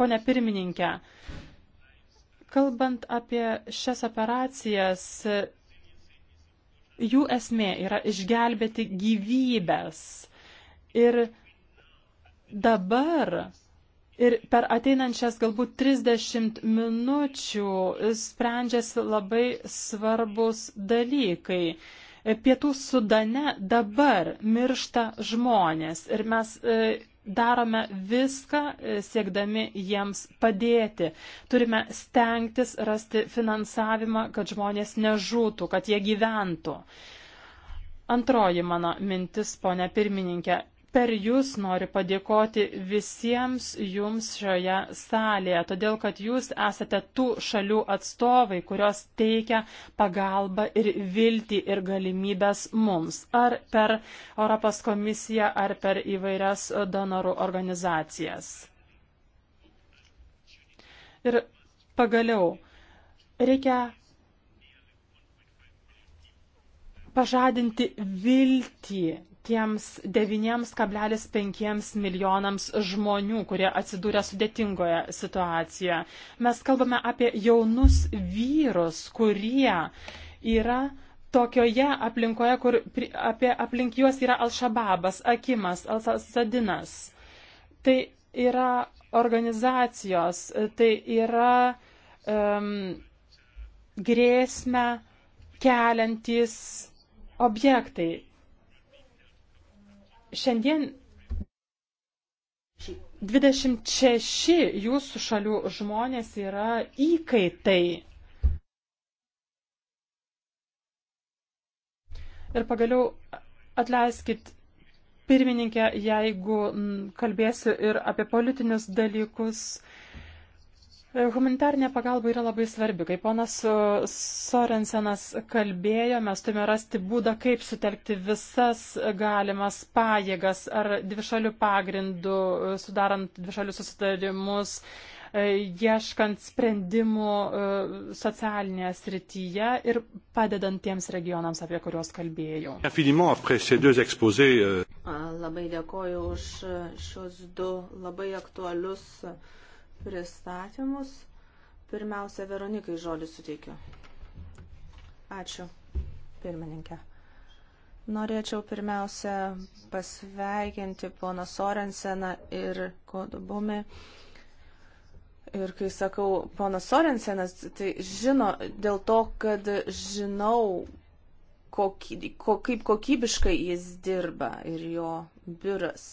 ponia pirmininkė, kalbant apie šias operacijas, jų esmė yra išgelbėti gyvybės. Ir dabar ir per ateinančias galbūt 30 minučių sprendžiasi labai svarbus dalykai. Pietų Sudane dabar miršta žmonės ir mes e, darome viską e, siekdami jiems padėti. Turime stengtis rasti finansavimą, kad žmonės nežūtų, kad jie gyventų. Antroji mano mintis, ponia pirmininkė, per jūs noriu padėkoti visiems jums šioje salėje, todėl kad jūs esate tų šalių atstovai, kurios teikia pagalbą ir viltį ir galimybės mums, ar per Europos komisiją, ar per įvairias donorų organizacijas. Ir pagaliau, reikia pažadinti viltį, tiems 9,5 milijonams žmonių, kurie atsidūrė sudėtingoje situacijoje. Mes kalbame apie jaunus vyrus, kurie yra tokioje aplinkoje, kur apie, aplink juos yra Al-Shababas, Akimas, Al-Sadinas. Tai yra organizacijos, tai yra um, grėsmę keliantys objektai. Šiandien 26 jūsų šalių žmonės yra įkaitai. Ir pagaliau atleiskit pirmininkė, jeigu kalbėsiu ir apie politinius dalykus, Humanitarnė pagalba yra labai svarbi. Kaip ponas e, Sorensenas kalbėjo, mes turime rasti būdą, kaip sutelkti visas galimas pajėgas ar dvišalių pagrindų, e, sudarant dvišalių susitarimus, e, ieškant sprendimų socialinėje srityje ir padedant tiems regionams, apie kuriuos kalbėjau. Euh, labai dėkoju už šios du labai aktualius pristatymus. Pirmiausia, Veronikai žodį suteikiu. Ačiū, pirmininkė. Norėčiau pirmiausia pasveikinti poną Sorenseną ir Kodubumi. Ir kai sakau ponas Sorensenas, tai žino dėl to, kad žinau, koky, ko, kaip kokybiškai jis dirba ir jo biuras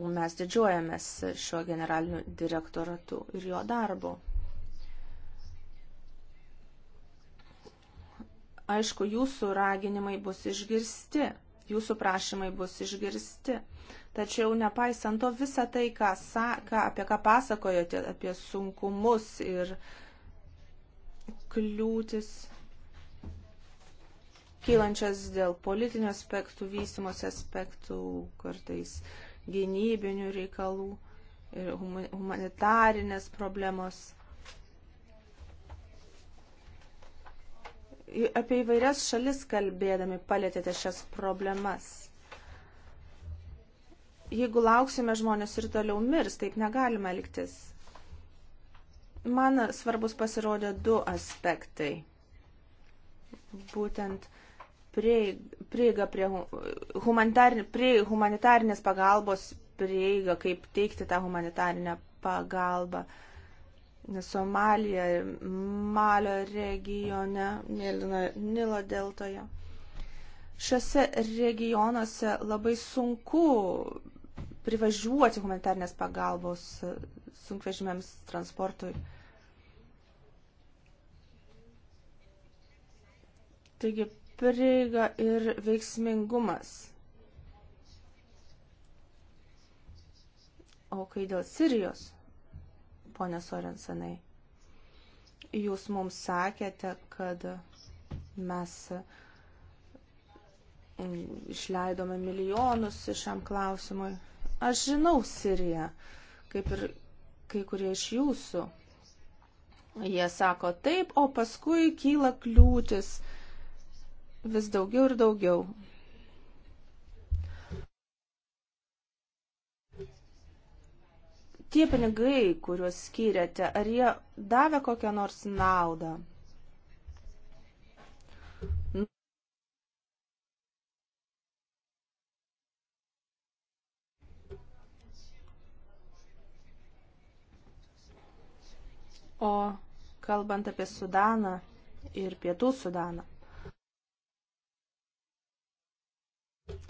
mes didžiuojamės šiuo generaliniu direktoratu ir jo darbu. Aišku, jūsų raginimai bus išgirsti, jūsų prašymai bus išgirsti. Tačiau nepaisant to visą tai, ką, ką, apie ką pasakojote, apie sunkumus ir kliūtis kylančias dėl politinių aspektų, vystimos aspektų, kartais uh, gynybinių reikalų ir humanitarinės problemos. Apie įvairias šalis kalbėdami palėtėte šias problemas. Jeigu lauksime žmonės ir toliau mirs, taip negalime elgtis. Man svarbus pasirodė du aspektai. Būtent prieig, prieiga prie, humanitarn, prie humanitarnės pagalbos, prieiga, kaip teikti tą humanitarinę pagalbą. Somalija, Malio regione, Nilo deltoje. Šiuose regionuose labai sunku privažiuoti humanitarnės pagalbos sunkvežimėms transportui. Taigi prieiga ir veiksmingumas. O kai dėl Sirijos, ponė Sorensenai, jūs mums sakėte, kad mes mm, išleidome milijonus šiam klausimui. Aš žinau Siriją, kaip ir kai kurie iš jūsų. Jie sako taip, o paskui kyla kliūtis vis daugiau ir daugiau. Tie pinigai, kuriuos skiriate, ar jie davė kokią nors naudą? O kalbant apie Sudaną ir Pietų Sudaną,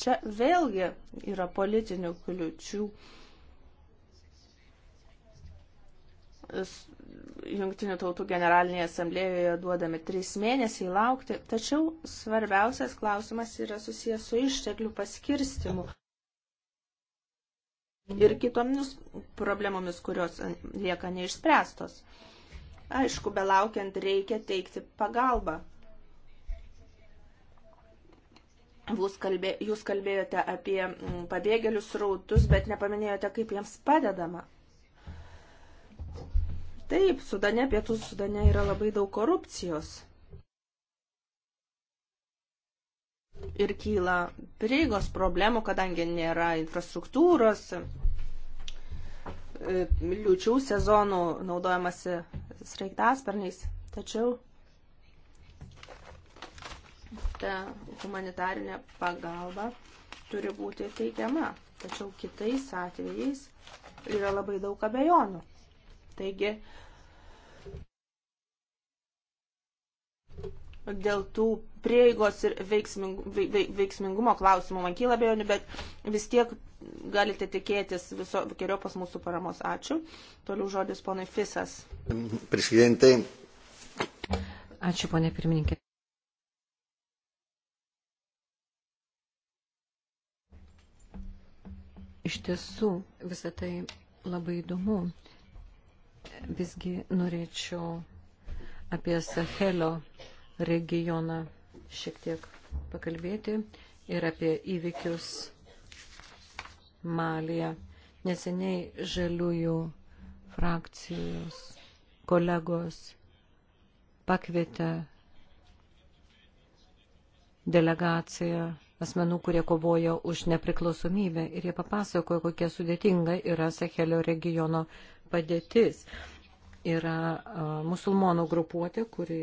Čia vėlgi yra politinių kliučių. Junktinių tautų generalinėje asamblėjoje duodami trys mėnesiai laukti, tačiau svarbiausias klausimas yra susijęs su išteklių paskirstimu ir kitomis problemomis, kurios lieka neišspręstos. Aišku, belaukiant reikia teikti pagalbą kalbė, jūs kalbėjote apie mm, pabėgėlius rautus, bet nepaminėjote, kaip jiems padedama. Taip, Sudane, pietų Sudane yra labai daug korupcijos. Ir kyla prieigos problemų, kadangi nėra infrastruktūros, e, liučių sezonų naudojamasi sraigtasparniais. Tačiau ta humanitarinė pagalba turi būti teikiama. Tačiau kitais atvejais yra labai daug abejonų. Taigi, dėl tų prieigos ir veiksming, veiksmingumo klausimų man kyla abejonių, bet vis tiek galite tikėtis viso keriopas mūsų paramos. Ačiū. Toliau žodis ponai Fisas. Prezidentė. Ačiū, ponė pirmininkė. Iš tiesų, visą tai labai įdomu. Visgi norėčiau apie Sahelio regioną šiek tiek pakalbėti ir apie įvykius Malija. Neseniai žaliųjų frakcijos kolegos pakvietė delegaciją asmenų, kurie kovojo už nepriklausomybę ir jie papasakojo, kokia sudėtinga yra Sahelio regiono padėtis. Yra a, musulmonų grupuotė, kuri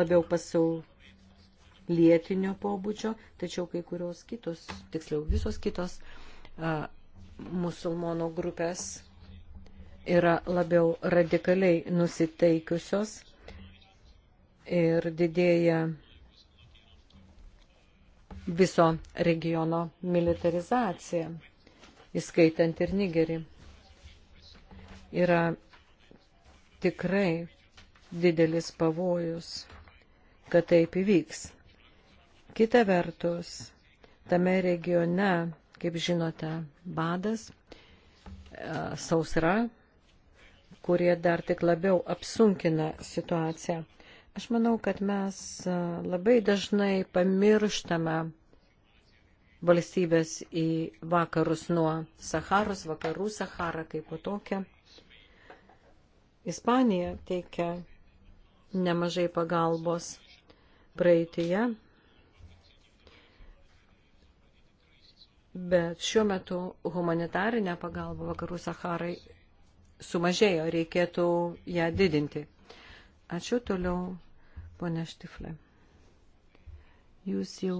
labiau pasaulietinio pobūdžio, tačiau kai kurios kitos, tiksliau visos kitos a, musulmonų grupės yra labiau radikaliai nusiteikusios ir didėja viso regiono militarizacija, įskaitant ir Nigerį. Yra tikrai didelis pavojus, kad taip įvyks. Kita vertus, tame regione, kaip žinote, badas, e, sausra, kurie dar tik labiau apsunkina situaciją. Aš manau, kad mes e, labai dažnai pamirštame valstybės į vakarus nuo Saharos, vakarų Sahara kaip po tokia. Ispanija teikia nemažai pagalbos praeitėje, bet šiuo metu humanitarinė pagalba vakarų Saharai sumažėjo, reikėtų ją didinti. Ačiū toliau Pone Štiflė, jūs jau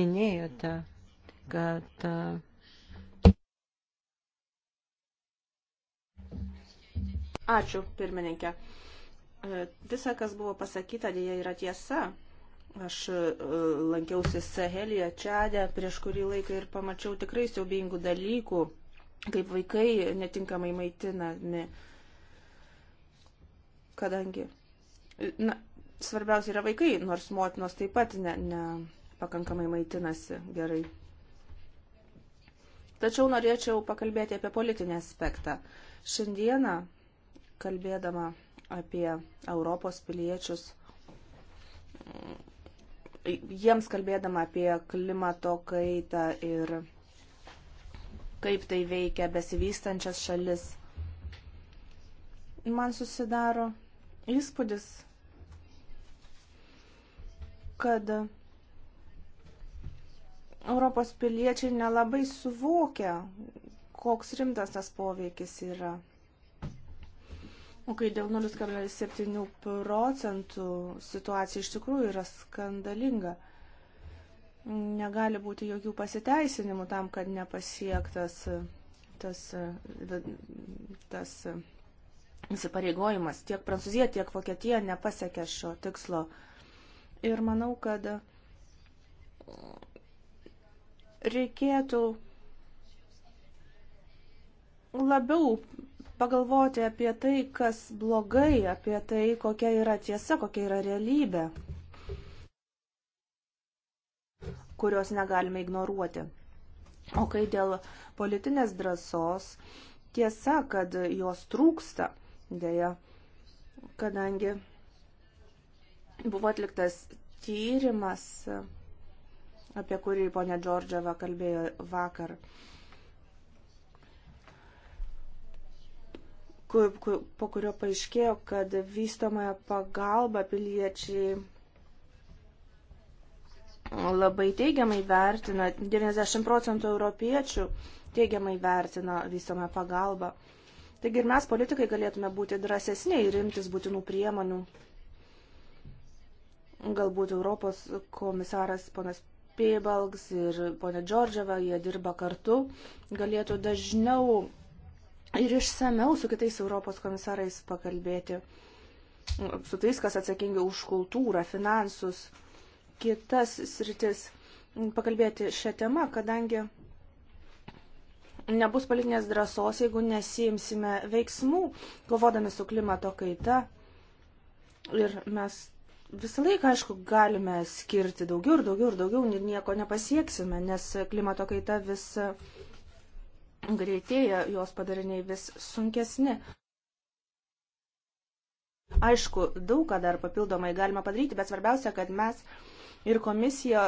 minėjote, kad Ačiū, pirmininkė. E, visa, kas buvo pasakyta, dėja yra tiesa. Aš e, lankiausi Sahelėje, Čadė prieš kurį laiką ir pamačiau tikrai siaubingų dalykų, kaip vaikai netinkamai maitinami. Kadangi Na, svarbiausia yra vaikai, nors motinos taip pat ne, ne pakankamai maitinasi gerai. Tačiau norėčiau pakalbėti apie politinį aspektą. Šiandieną, kalbėdama apie Europos piliečius, jiems kalbėdama apie klimato kaitą ir kaip tai veikia besivystančias šalis, man susidaro įspūdis, kad Europos piliečiai nelabai suvokia, koks rimtas tas poveikis yra. O kai dėl 0,7 procentų situacija iš tikrųjų yra skandalinga, negali būti jokių pasiteisinimų tam, kad nepasiektas tas, tas įsipareigojimas. Tiek Prancūzija, tiek Vokietija nepasiekė šio tikslo. Ir manau, kad reikėtų labiau pagalvoti apie tai, kas blogai, apie tai, kokia yra tiesa, kokia yra realybė, kurios negalime ignoruoti. O kai dėl politinės drąsos, tiesa, kad jos trūksta, dėja, kadangi Buvo atliktas tyrimas, apie kurį ponė Džordžiava kalbėjo vakar. po kurio paaiškėjo, kad vystomąją pagalbą piliečiai labai teigiamai vertina, 90 procentų europiečių teigiamai vertina vystomąją pagalbą. Taigi ir mes, politikai, galėtume būti drąsesni ir imtis būtinų priemonių Galbūt Europos komisaras ponas Piebalgs ir ponė Džordževa, jie dirba kartu, galėtų dažniau ir išsameu su kitais Europos komisarais pakalbėti, su tais, kas atsakingi už kultūrą, finansus, kitas sritis, pakalbėti šią temą, kadangi nebus politinės drąsos, jeigu nesijimsime veiksmų, kovodami su klimato kaita. Ir mes Visą laiką, aišku, galime skirti daugiau ir daugiau ir daugiau ir nieko nepasieksime, nes klimato kaita vis greitėja, jos padariniai vis sunkesni. Aišku, daug ką dar papildomai galima padaryti, bet svarbiausia, kad mes ir komisija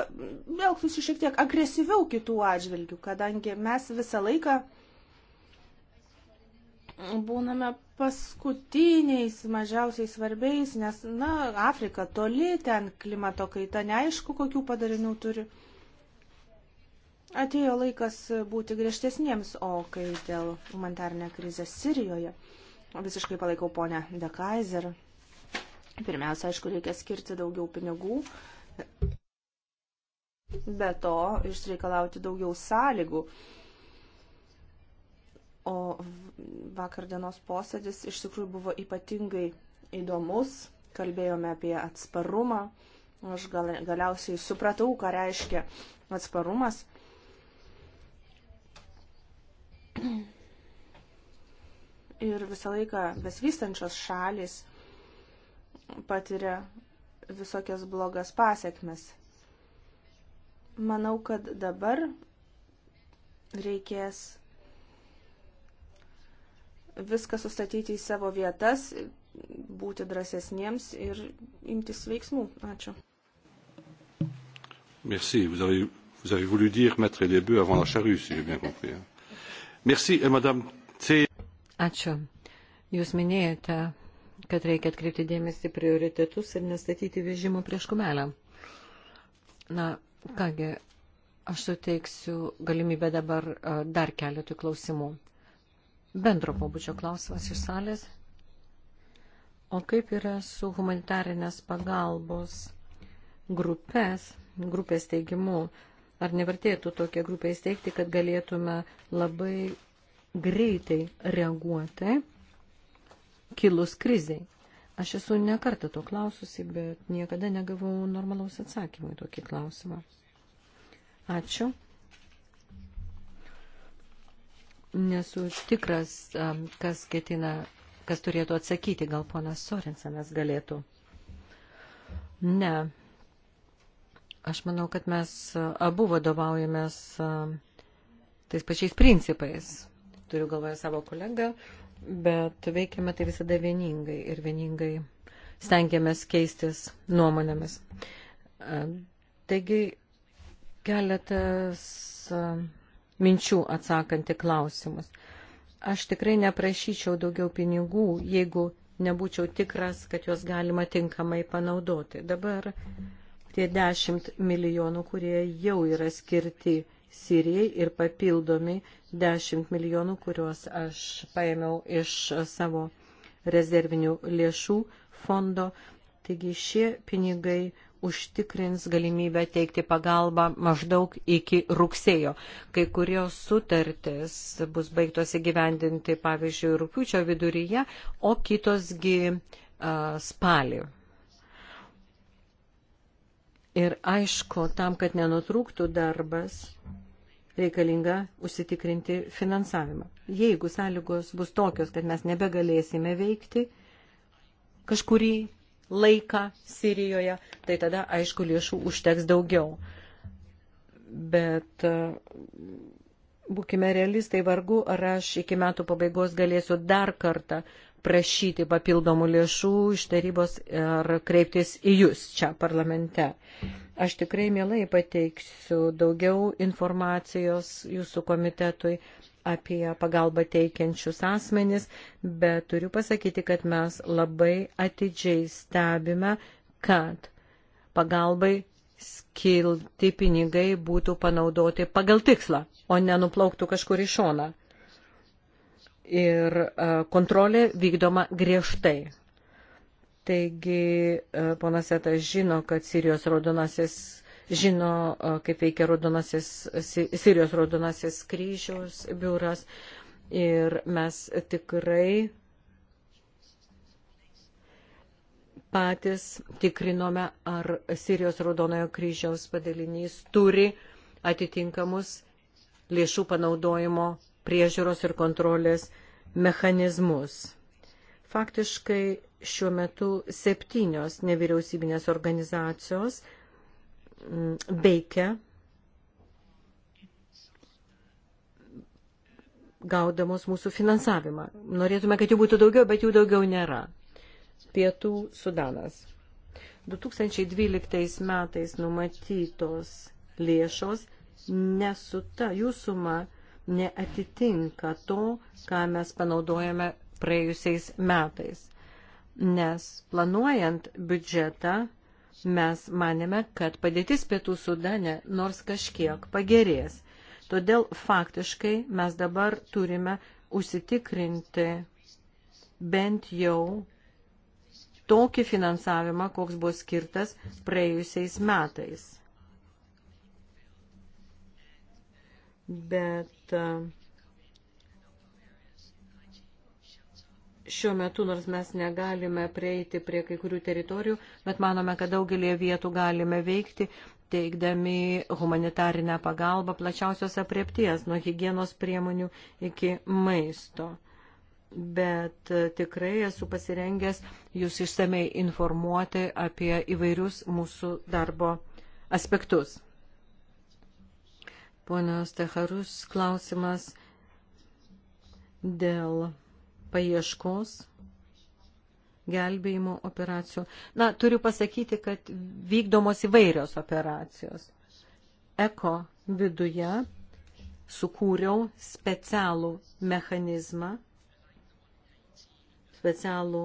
elgtųsi šiek tiek agresyviau kitų atžvilgių, kadangi mes visą laiką uh, būname paskutiniais, mažiausiai svarbiais, nes, na, Afrika toli ten klimato kaita, neaišku, kokių padarinių turi. Atėjo laikas būti griežtesniems, o kai dėl humanitarnė krizė Sirijoje, visiškai palaikau ponę De Kaiser. Pirmiausia, aišku, reikia skirti daugiau pinigų. Be to, išreikalauti daugiau sąlygų O vakar dienos posėdis iš tikrųjų buvo ypatingai įdomus, kalbėjome apie atsparumą. Aš gal, galiausiai supratau, ką reiškia atsparumas. Ir visą laiką besvystančios šalis patiria visokias blogas pasiekmes. Manau, kad dabar reikės viską sustatyti į savo vietas, būti drąsesniems ir imtis veiksmų. Ačiū. Merci. Vous avez, vous avez voulu dire mettre les bœufs avant la charrue, si j'ai bien compris. Merci, et madame C. Ačiū. Jūs minėjote, kad reikia atkreipti dėmesį prioritetus ir nestatyti vežimų prieš kumelę. Na, kągi, aš suteiksiu galimybę dabar dar keletui klausimų bendro pobūdžio klausimas iš salės. O kaip yra su humanitarinės pagalbos grupės, grupės teigimu? Ar nevertėtų tokią grupę įsteigti, kad galėtume labai greitai reaguoti kilus kriziai? Aš esu nekartą to klaususi, bet niekada negavau normalaus atsakymų į tokį klausimą. Ačiū nesu tikras, kas ketina, kas turėtų atsakyti, gal ponas Sorinsenas galėtų. Ne. Aš manau, kad mes abu vadovaujamės tais pačiais principais. Turiu galvoje savo kolegą, bet veikiame tai visada vieningai ir vieningai stengiamės keistis nuomonėmis. Taigi, keletas minčių atsakanti klausimus. Aš tikrai neprašyčiau daugiau pinigų, jeigu nebūčiau tikras, kad juos galima tinkamai panaudoti. Dabar tie 10 milijonų, kurie jau yra skirti Sirijai ir papildomi 10 milijonų, kuriuos aš paėmiau iš savo rezervinių lėšų fondo. Taigi šie pinigai užtikrins galimybę teikti pagalbą maždaug iki rugsėjo. Kai kurios sutartis bus baigtos įgyvendinti, pavyzdžiui, rūpiučio viduryje, o kitosgi uh, spalį. Ir aišku, tam, kad nenutrūktų darbas, reikalinga užsitikrinti finansavimą. Jeigu sąlygos bus tokios, kad mes nebegalėsime veikti, kažkurį laiką Sirijoje, tai tada, aišku, lėšų užteks daugiau. Bet e, būkime realistai, vargu, ar aš iki metų pabaigos galėsiu dar kartą prašyti papildomų lėšų iš tarybos ir kreiptis į jūs čia parlamente. Aš tikrai mielai pateiksiu daugiau informacijos jūsų komitetui apie pagalbą teikiančius asmenis, bet turiu pasakyti, kad mes labai atidžiai stebime, kad pagalbai skilti pinigai būtų panaudoti pagal tikslą, o nenuplauktų kažkur į šoną. Ir e, kontrolė vykdoma griežtai. Taigi, e, ponas Etas žino, kad Sirijos raudonasis žino, kaip veikia raudonasis, Sirijos raudonasis kryžiaus biuras. Ir mes tikrai patys tikrinome, ar Sirijos raudonojo kryžiaus padalinys turi atitinkamus lėšų panaudojimo priežiūros ir kontrolės mechanizmus. Faktiškai šiuo metu septynios nevyriausybinės organizacijos Mm, veikia gaudamos mūsų finansavimą. Norėtume, kad jų būtų daugiau, bet jų daugiau nėra. Pietų Sudanas. 2012 metais numatytos lėšos nesuta, jų suma neatitinka to, ką mes panaudojame praėjusiais metais. Nes planuojant biudžetą mes manėme, kad padėtis pietų sudane nors kažkiek pagerės. Todėl faktiškai mes dabar turime užsitikrinti bent jau tokį finansavimą, koks buvo skirtas praėjusiais metais. Bet uh, šiuo metu, nors mes negalime prieiti prie kai kurių teritorijų, bet manome, kad daugelie vietų galime veikti, teikdami humanitarinę pagalbą plačiausios apriepties, nuo hygienos priemonių iki maisto. Bet e, tikrai esu pasirengęs jūs išsamei informuoti apie įvairius mūsų darbo aspektus. Ponios Teharus klausimas dėl paieškos gelbėjimo operacijų. Na, turiu pasakyti, kad vykdomos įvairios operacijos. Eko viduje sukūriau specialų mechanizmą, specialų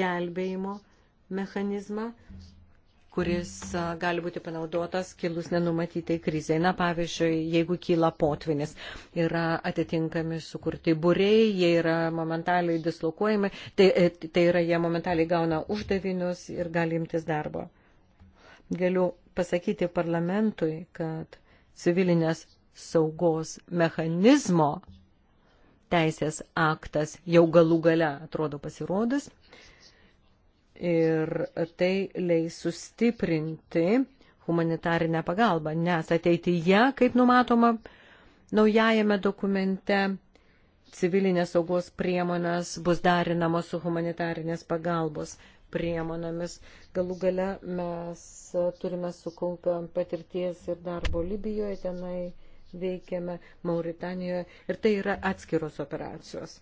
gelbėjimo mechanizmą, kuris gali būti panaudotas kilus nenumatytai krizai. Na, pavyzdžiui, jeigu kyla potvinis, yra atitinkami sukurti būrei, jie yra momentaliai dislokuojami, tai, e, tai yra jie momentaliai gauna uždavinius ir gali imtis darbo. Galiu pasakyti parlamentui, kad civilinės saugos mechanizmo teisės aktas jau galų gale atrodo pasirodus ir tai leis sustiprinti humanitarinę pagalbą, nes ateityje, kaip numatoma naujajame dokumente, civilinės saugos priemonės bus darinamos su humanitarinės pagalbos priemonėmis. Galų gale mes turime sukaupę patirties ir darbo Libijoje, tenai veikiame Mauritanijoje ir tai yra atskiros operacijos.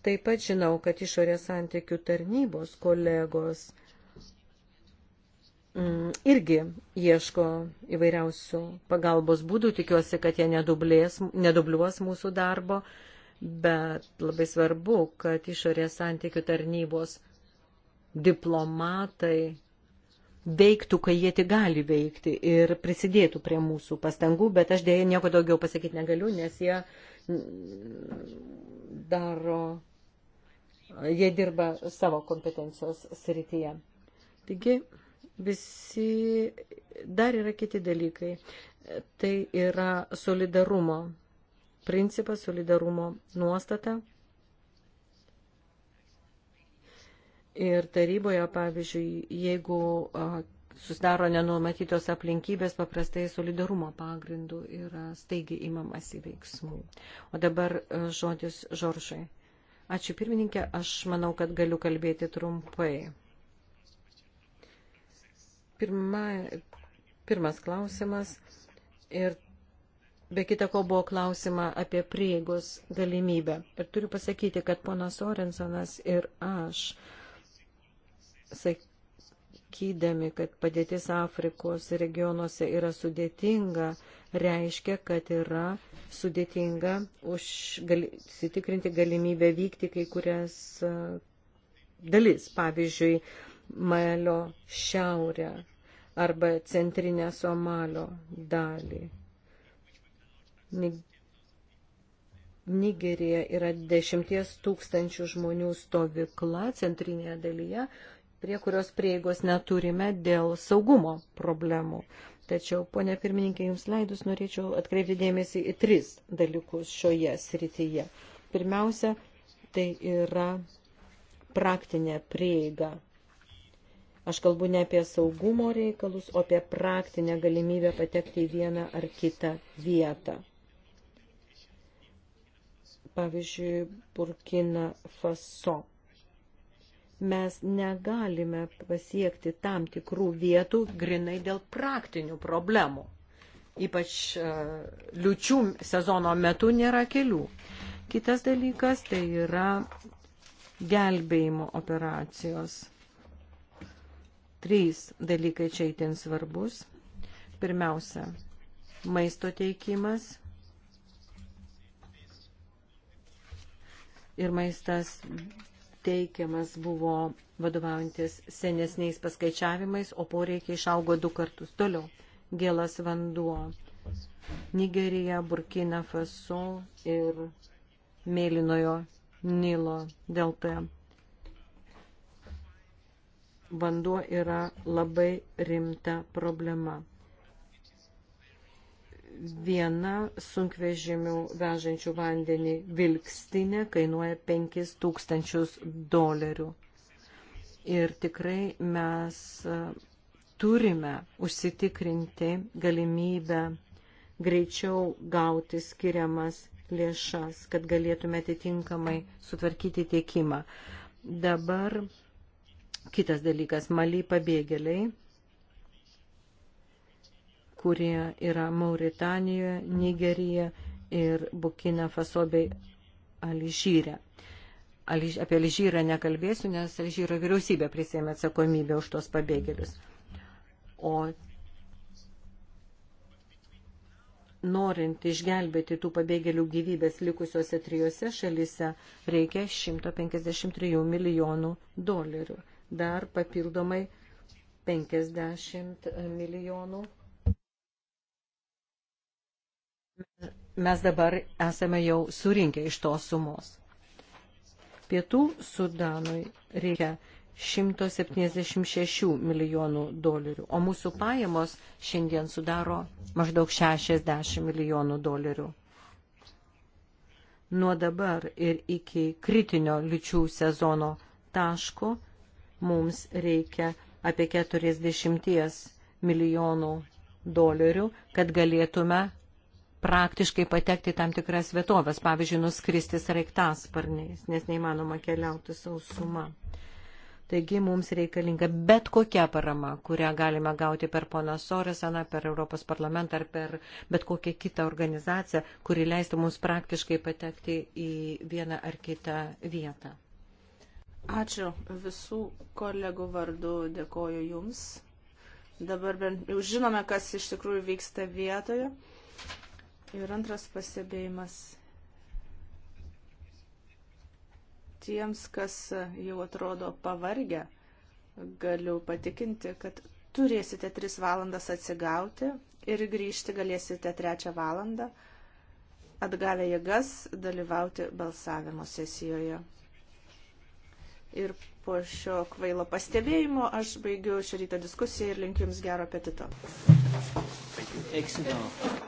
Taip pat žinau, kad išorės santykių tarnybos kolegos mm, irgi ieško įvairiausių pagalbos būdų. Tikiuosi, kad jie nedublės, nedubliuos mūsų darbo, bet labai svarbu, kad išorės santykių tarnybos diplomatai veiktų, kai jie tik gali veikti ir prisidėtų prie mūsų pastangų, bet aš dėja nieko daugiau pasakyti negaliu, nes jie mm, daro jie dirba savo kompetencijos srityje. Taigi visi dar yra kiti dalykai. Tai yra solidarumo principas, solidarumo nuostata. Ir taryboje, pavyzdžiui, jeigu susidaro nenumatytos aplinkybės, paprastai solidarumo pagrindų yra staigi įmamasi veiksmų. O dabar žodis Žoržai. Ačiū pirmininkė, aš manau, kad galiu kalbėti trumpai. Pirma, pirmas klausimas ir be kita ko buvo klausima apie prieigos galimybę. Ir turiu pasakyti, kad ponas Orensonas ir aš sakė, sakydami, kad padėtis Afrikos regionuose yra sudėtinga, reiškia, kad yra sudėtinga užsitikrinti galimybę vykti kai kurias dalis, pavyzdžiui, Malio šiaurę arba centrinę Somalio dalį. Nigerija yra dešimties tūkstančių žmonių stovykla centrinėje dalyje, prie kurios prieigos neturime dėl saugumo problemų. Tačiau, ponia pirmininkė, jums leidus norėčiau atkreipti dėmesį į tris dalykus šioje srityje. Pirmiausia, tai yra praktinė prieiga. Aš kalbu ne apie saugumo reikalus, o apie praktinę galimybę patekti į vieną ar kitą vietą. Pavyzdžiui, Burkina Faso mes negalime pasiekti tam tikrų vietų grinai dėl praktinių problemų. Ypač uh, liučių sezono metu nėra kelių. Kitas dalykas tai yra gelbėjimo operacijos. Trys dalykai čia įtin svarbus. Pirmiausia, maisto teikimas. Ir maistas teikiamas buvo vadovaujantis senesniais paskaičiavimais, o poreikiai išaugo du kartus. Toliau gėlas vanduo. Nigerija, Burkina Faso ir Mėlynojo Nilo deltoje. Vanduo yra labai rimta problema viena sunkvežimių vežančių vandenį vilkstinė kainuoja 5000 dolerių. Ir tikrai mes e, turime užsitikrinti galimybę greičiau gauti skiriamas lėšas, kad galėtume atitinkamai sutvarkyti tiekimą. Dabar kitas dalykas - mali pabėgėliai kurie yra Mauritanijoje, Nigerija ir Bukina Faso bei Alžyre. Aliž, apie Alžyrą nekalbėsiu, nes Alžyro vyriausybė prisėmė atsakomybę už tos pabėgėlius. O norint išgelbėti tų pabėgėlių gyvybės likusiuose trijose šalyse, reikia 153 milijonų dolerių. Dar papildomai 50 milijonų mes dabar esame jau surinkę iš tos sumos. Pietų Sudanui reikia 176 milijonų dolerių, o mūsų pajamos šiandien sudaro maždaug 60 milijonų dolerių. Nuo dabar ir iki kritinio liučių sezono taško mums reikia apie 40 milijonų dolerių, kad galėtume praktiškai patekti tam tikras vietovės, pavyzdžiui, nuskristi sraigtasparniais, nes neįmanoma keliauti sausuma. Taigi mums reikalinga bet kokia parama, kurią galime gauti per poną Soresaną, per Europos parlamentą ar per bet kokią kitą organizaciją, kuri leistų mums praktiškai patekti į vieną ar kitą vietą. Ačiū visų kolegų vardu, dėkoju Jums. Dabar jau žinome, kas iš tikrųjų vyksta vietoje. Ir antras pastebėjimas tiems, kas jau atrodo pavargę, galiu patikinti, kad turėsite 3 valandas atsigauti ir grįžti galėsite 3 valandą, atgavę jėgas dalyvauti balsavimo sesijoje. Ir po šio kvailo pastebėjimo aš baigiu šį rytą diskusiją ir linkiu Jums gero apetito. Excellent.